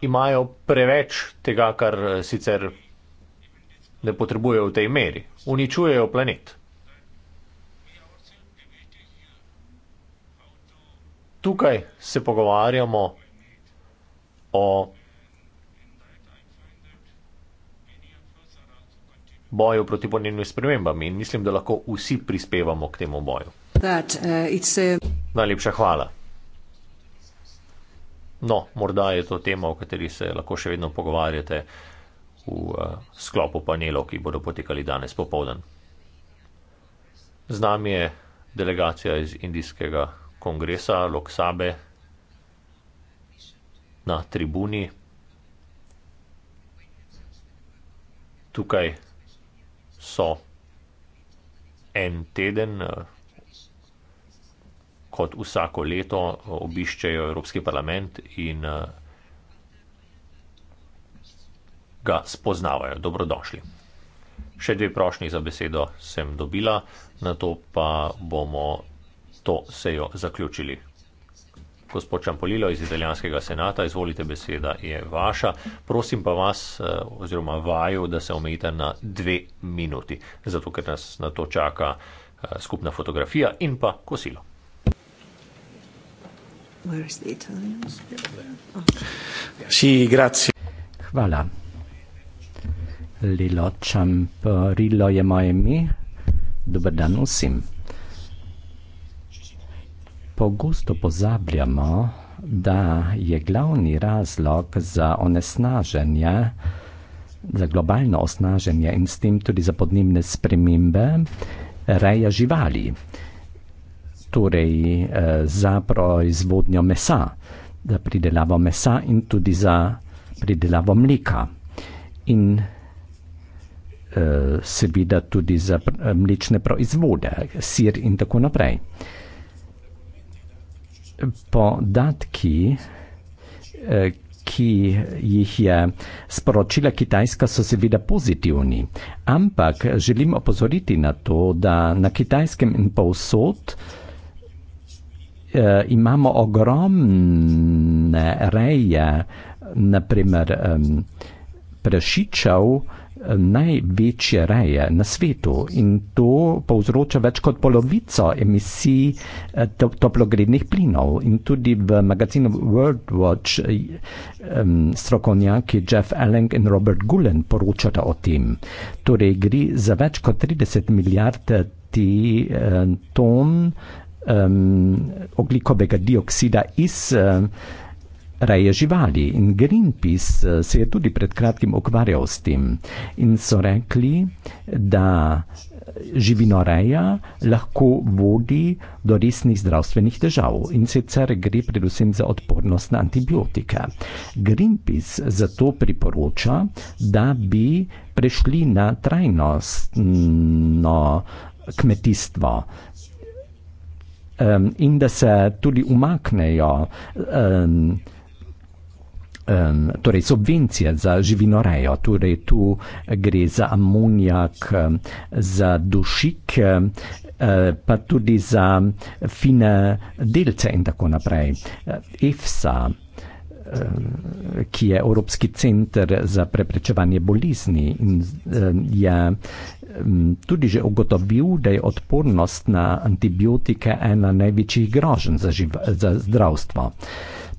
imajo preveč tega, kar eh, sicer ne potrebujejo v tej meri. Uničujejo planet. Tukaj se pogovarjamo o boju proti podnebnim spremembam in mislim, da lahko vsi prispevamo k temu boju. That, uh, a... Najlepša hvala. No, morda je to tema, o kateri se lahko še vedno pogovarjate v uh, sklopu panelov, ki bodo potekali danes popovdan. Z nami je delegacija iz Indijskega kongresa Loksabe na tribuni. Tukaj so en teden. Uh, kot vsako leto obiščejo Evropski parlament in eh, ga spoznavajo. Dobrodošli. Še dve prošnji za besedo sem dobila, na to pa bomo to sejo zaključili. Gospod Čampolilo iz Italijanskega senata, izvolite, beseda je vaša. Prosim pa vas eh, oziroma vaju, da se omejite na dve minuti, zato ker nas na to čaka eh, skupna fotografija in pa kosilo. Where is the Italian? Sì, grazie. Voilà. Lilo Champ, Rilo je moje ime, dober dan vsem. Pogosto pozabljamo, da je glavni razlog za onesnaženje, za globalno osnaženje in s tem tudi za podnebne spremembe, reja živali torej eh, za proizvodnjo mesa, za pridelavo mesa in tudi za pridelavo mleka. In eh, seveda tudi za eh, mlečne proizvode, sir in tako naprej. Podatki, ki jih je sporočila Kitajska, so seveda pozitivni, ampak želim opozoriti na to, da na Kitajskem in povsod po uh, imamo ogromne reje, naprimer um, prašičev, največje reje na svetu in to povzroča več kot polovico emisij eh, toplogrednih plinov. In tudi v magazinu World Watch um, strokovnjaki Jeff Elling in Robert Gullen poročata o tem. Torej gre za več kot 30 milijard eh, ti, uh, ton uh, um, oglikovega dioksida iz um, reje živali. In Greenpeace uh, se je tudi pred kratkim ukvarjal s tem in so rekli, da živinoreja lahko vodi do resnih zdravstvenih težav in sicer gre predvsem za odpornost na antibiotike. Greenpeace zato priporoča, da bi prešli na trajnostno kmetijstvo um, in da se tudi umaknejo um, um, torej subvencije za živinorejo. Torej tu gre za amonijak, za dušik, eh, pa tudi za fine delce in tako naprej. EFSA ki je Evropski center za preprečevanje bolizni in eh, je mm, tudi že ugotovil, da je odpornost na antibiotike ena največjih grožen za, za zdravstvo.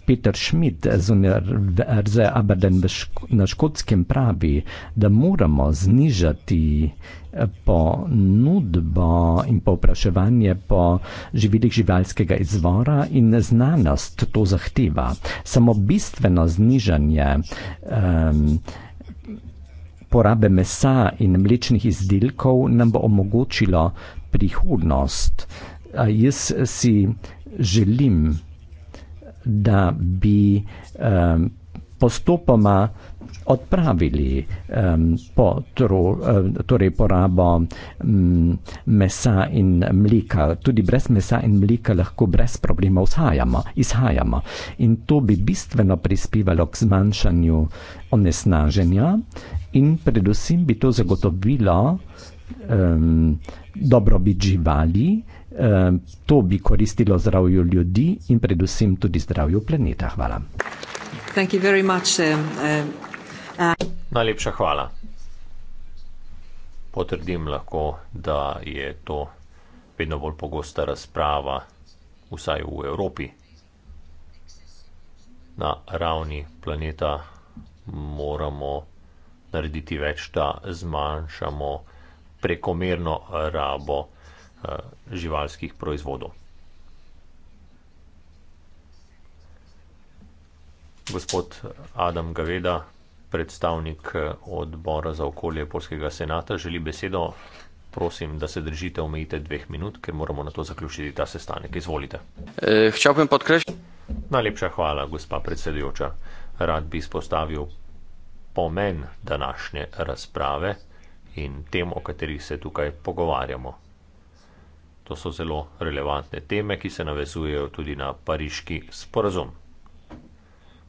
Peter Schmidt z Univerze Aberden na Škotskem pravi, da moramo znižati eh, ponudbo in povpraševanje po živilih živalskega izvora in znanost to zahteva. Samo bistveno znižanje um, porabe mesa in mlečnih izdelkov nam bo omogočilo prihodnost. Uh, jaz si želim, da bi um, postopoma odpravili um, potru, um, torej porabo um, mesa in mlika. Tudi brez mesa in mlika lahko brez problema izhajamo. In to bi bistveno prispevalo k zmanjšanju onesnaženja in predvsem bi to zagotovilo um, dobrobit živali. Ehm, to bi koristilo zdravju ljudi in predvsem tudi zdravju planeta. Hvala. Much, um, uh, uh, Najlepša hvala. Potrdim lahko, da je to vedno bolj pogosta razprava, vsaj v Evropi. Na ravni planeta moramo narediti več, da zmanjšamo prekomerno rabo. Eh, živalskih proizvodov. Gospod Adam Gaveda, predstavnik eh, odbora za okolje Polskega senata, želi besedo. Prosim, da se držite omejite dveh minut, ker moramo na to zaključiti ta sestanek. Izvolite. Eh, hčel bi podkrešiti. Najlepša hvala, gospa predsedujoča. Rad bi izpostavil pomen današnje razprave in tem, o katerih se tukaj pogovarjamo. To so zelo relevantne teme, ki se navezujejo tudi na pariški sporazum.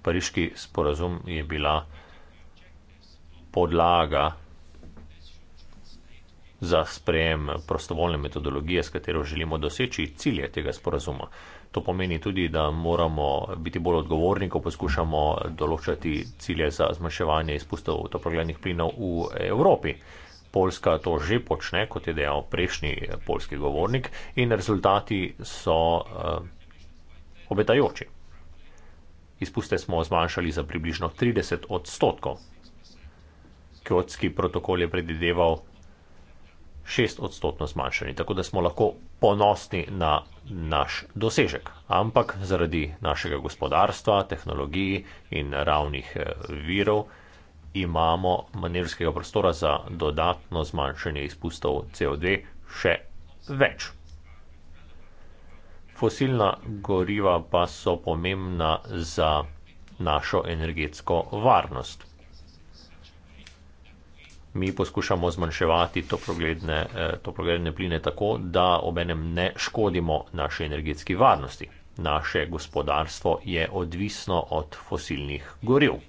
Pariški sporazum je bila podlaga za sprejem prostovoljne metodologije, s katero želimo doseči cilje tega sporazuma. To pomeni tudi, da moramo biti bolj odgovorni, ko poskušamo določati cilje za zmanjševanje izpustov toplogrednih plinov v Evropi. Poljska to že počne, kot je dejal prejšnji eh, polski govornik, in rezultati so uh, obetajoči. Izpuste smo zmanjšali za približno 30 odstotkov. Kjotski protokol je predvideval 6 odstotkov zmanjšanje, tako da smo lahko ponosni na naš dosežek. Ampak zaradi našega gospodarstva, tehnologiji in ravnih eh, virov imamo manevrskega prostora za dodatno zmanjšanje izpustov CO2 še več. Fosilna goriva pa so pomembna za našo energetsko varnost. Mi poskušamo zmanjševati toplogredne, eh, toplogredne pline tako, da obenem ne škodimo naše energetski varnosti. Naše gospodarstvo je odvisno od fosilnih goriv.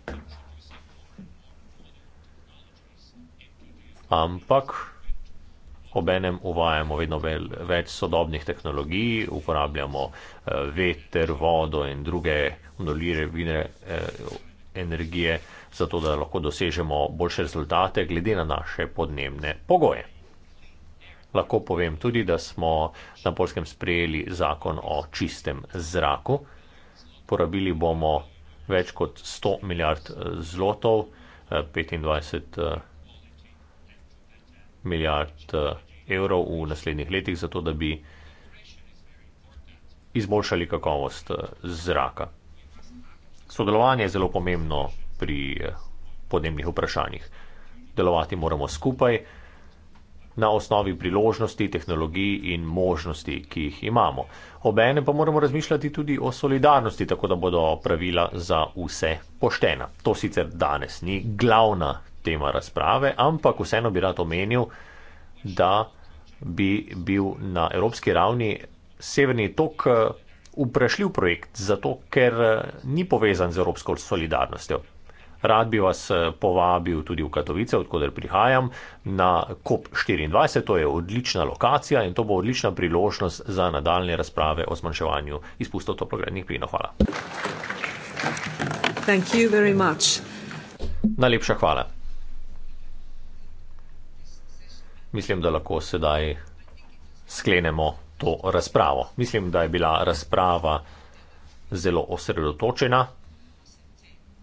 ampak obenem uvajamo vedno več sodobnih tehnologij, uporabljamo eh, veter, vodo in druge obnovljive vire eh, energije, zato da lahko dosežemo boljše rezultate glede na naše podnebne pogoje. Lahko povem tudi, da smo na polskem sprejeli zakon o čistem zraku. Porabili bomo več kot 100 milijard eh, zlotov, 25 milijard milijard eh, evrov v naslednjih letih, zato da bi izboljšali kakovost eh, zraka. Sodelovanje je zelo pomembno pri eh, podnebnih vprašanjih. Delovati moramo skupaj na osnovi priložnosti, tehnologij in možnosti, ki jih imamo. Obene pa moramo razmišljati tudi o solidarnosti, tako da bodo pravila za vse poštena. To sicer danes ni glavna tema razprave, ampak vseeno bi rad omenil, da bi bil na evropski ravni Severni tok uprašljiv eh, projekt, zato ker eh, ni povezan z evropsko solidarnostjo. Rad bi vas eh, povabil tudi v Katovice, odkuder prihajam, na COP24. To je odlična lokacija in to bo odlična priložnost za nadaljne razprave o zmanjševanju izpustov toplogrednih plinov. Hvala. Najlepša hvala. mislim, da lahko sedaj sklenemo to razpravo. Mislim, da je bila razprava zelo osredotočena.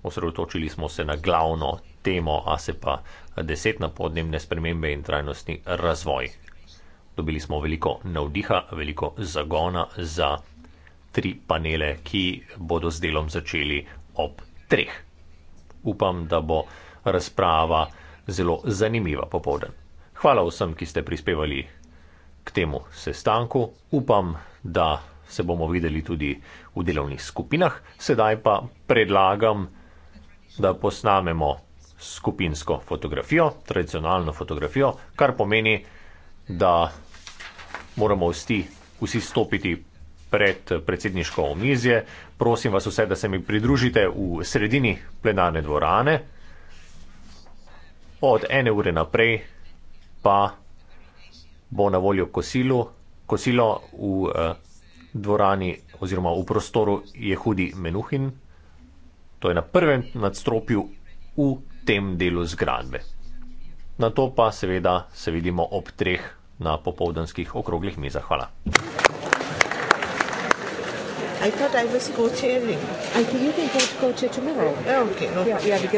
Osredotočili smo se na glavno temo, a se pa deset na podnebne spremembe in trajnostni razvoj. Dobili smo veliko navdiha, veliko zagona za tri panele, ki bodo z delom začeli ob treh. Upam, da bo razprava zelo zanimiva popovdne. Hvala vsem, ki ste prispevali k temu sestanku. Upam, da se bomo videli tudi v delovnih skupinah. Sedaj pa predlagam, da posnamemo skupinsko fotografijo, tradicionalno fotografijo, kar pomeni, da moramo vsi, vsi stopiti pred predsedniško omizje. Prosim vas vse, da se mi pridružite v sredini plenarne dvorane. Od ene ure naprej pa bo na voljo kosilo, kosilo v eh, dvorani oziroma v prostoru Jehudi Menuhin, to je na prvem nadstropju v tem delu zgradbe. Na to pa seveda se vidimo ob treh na popovdanskih okroglih mizah. Hvala. I thought I was co-chairing. I think you can co-chair tomorrow. Oh, okay. okay. Yeah, yeah, because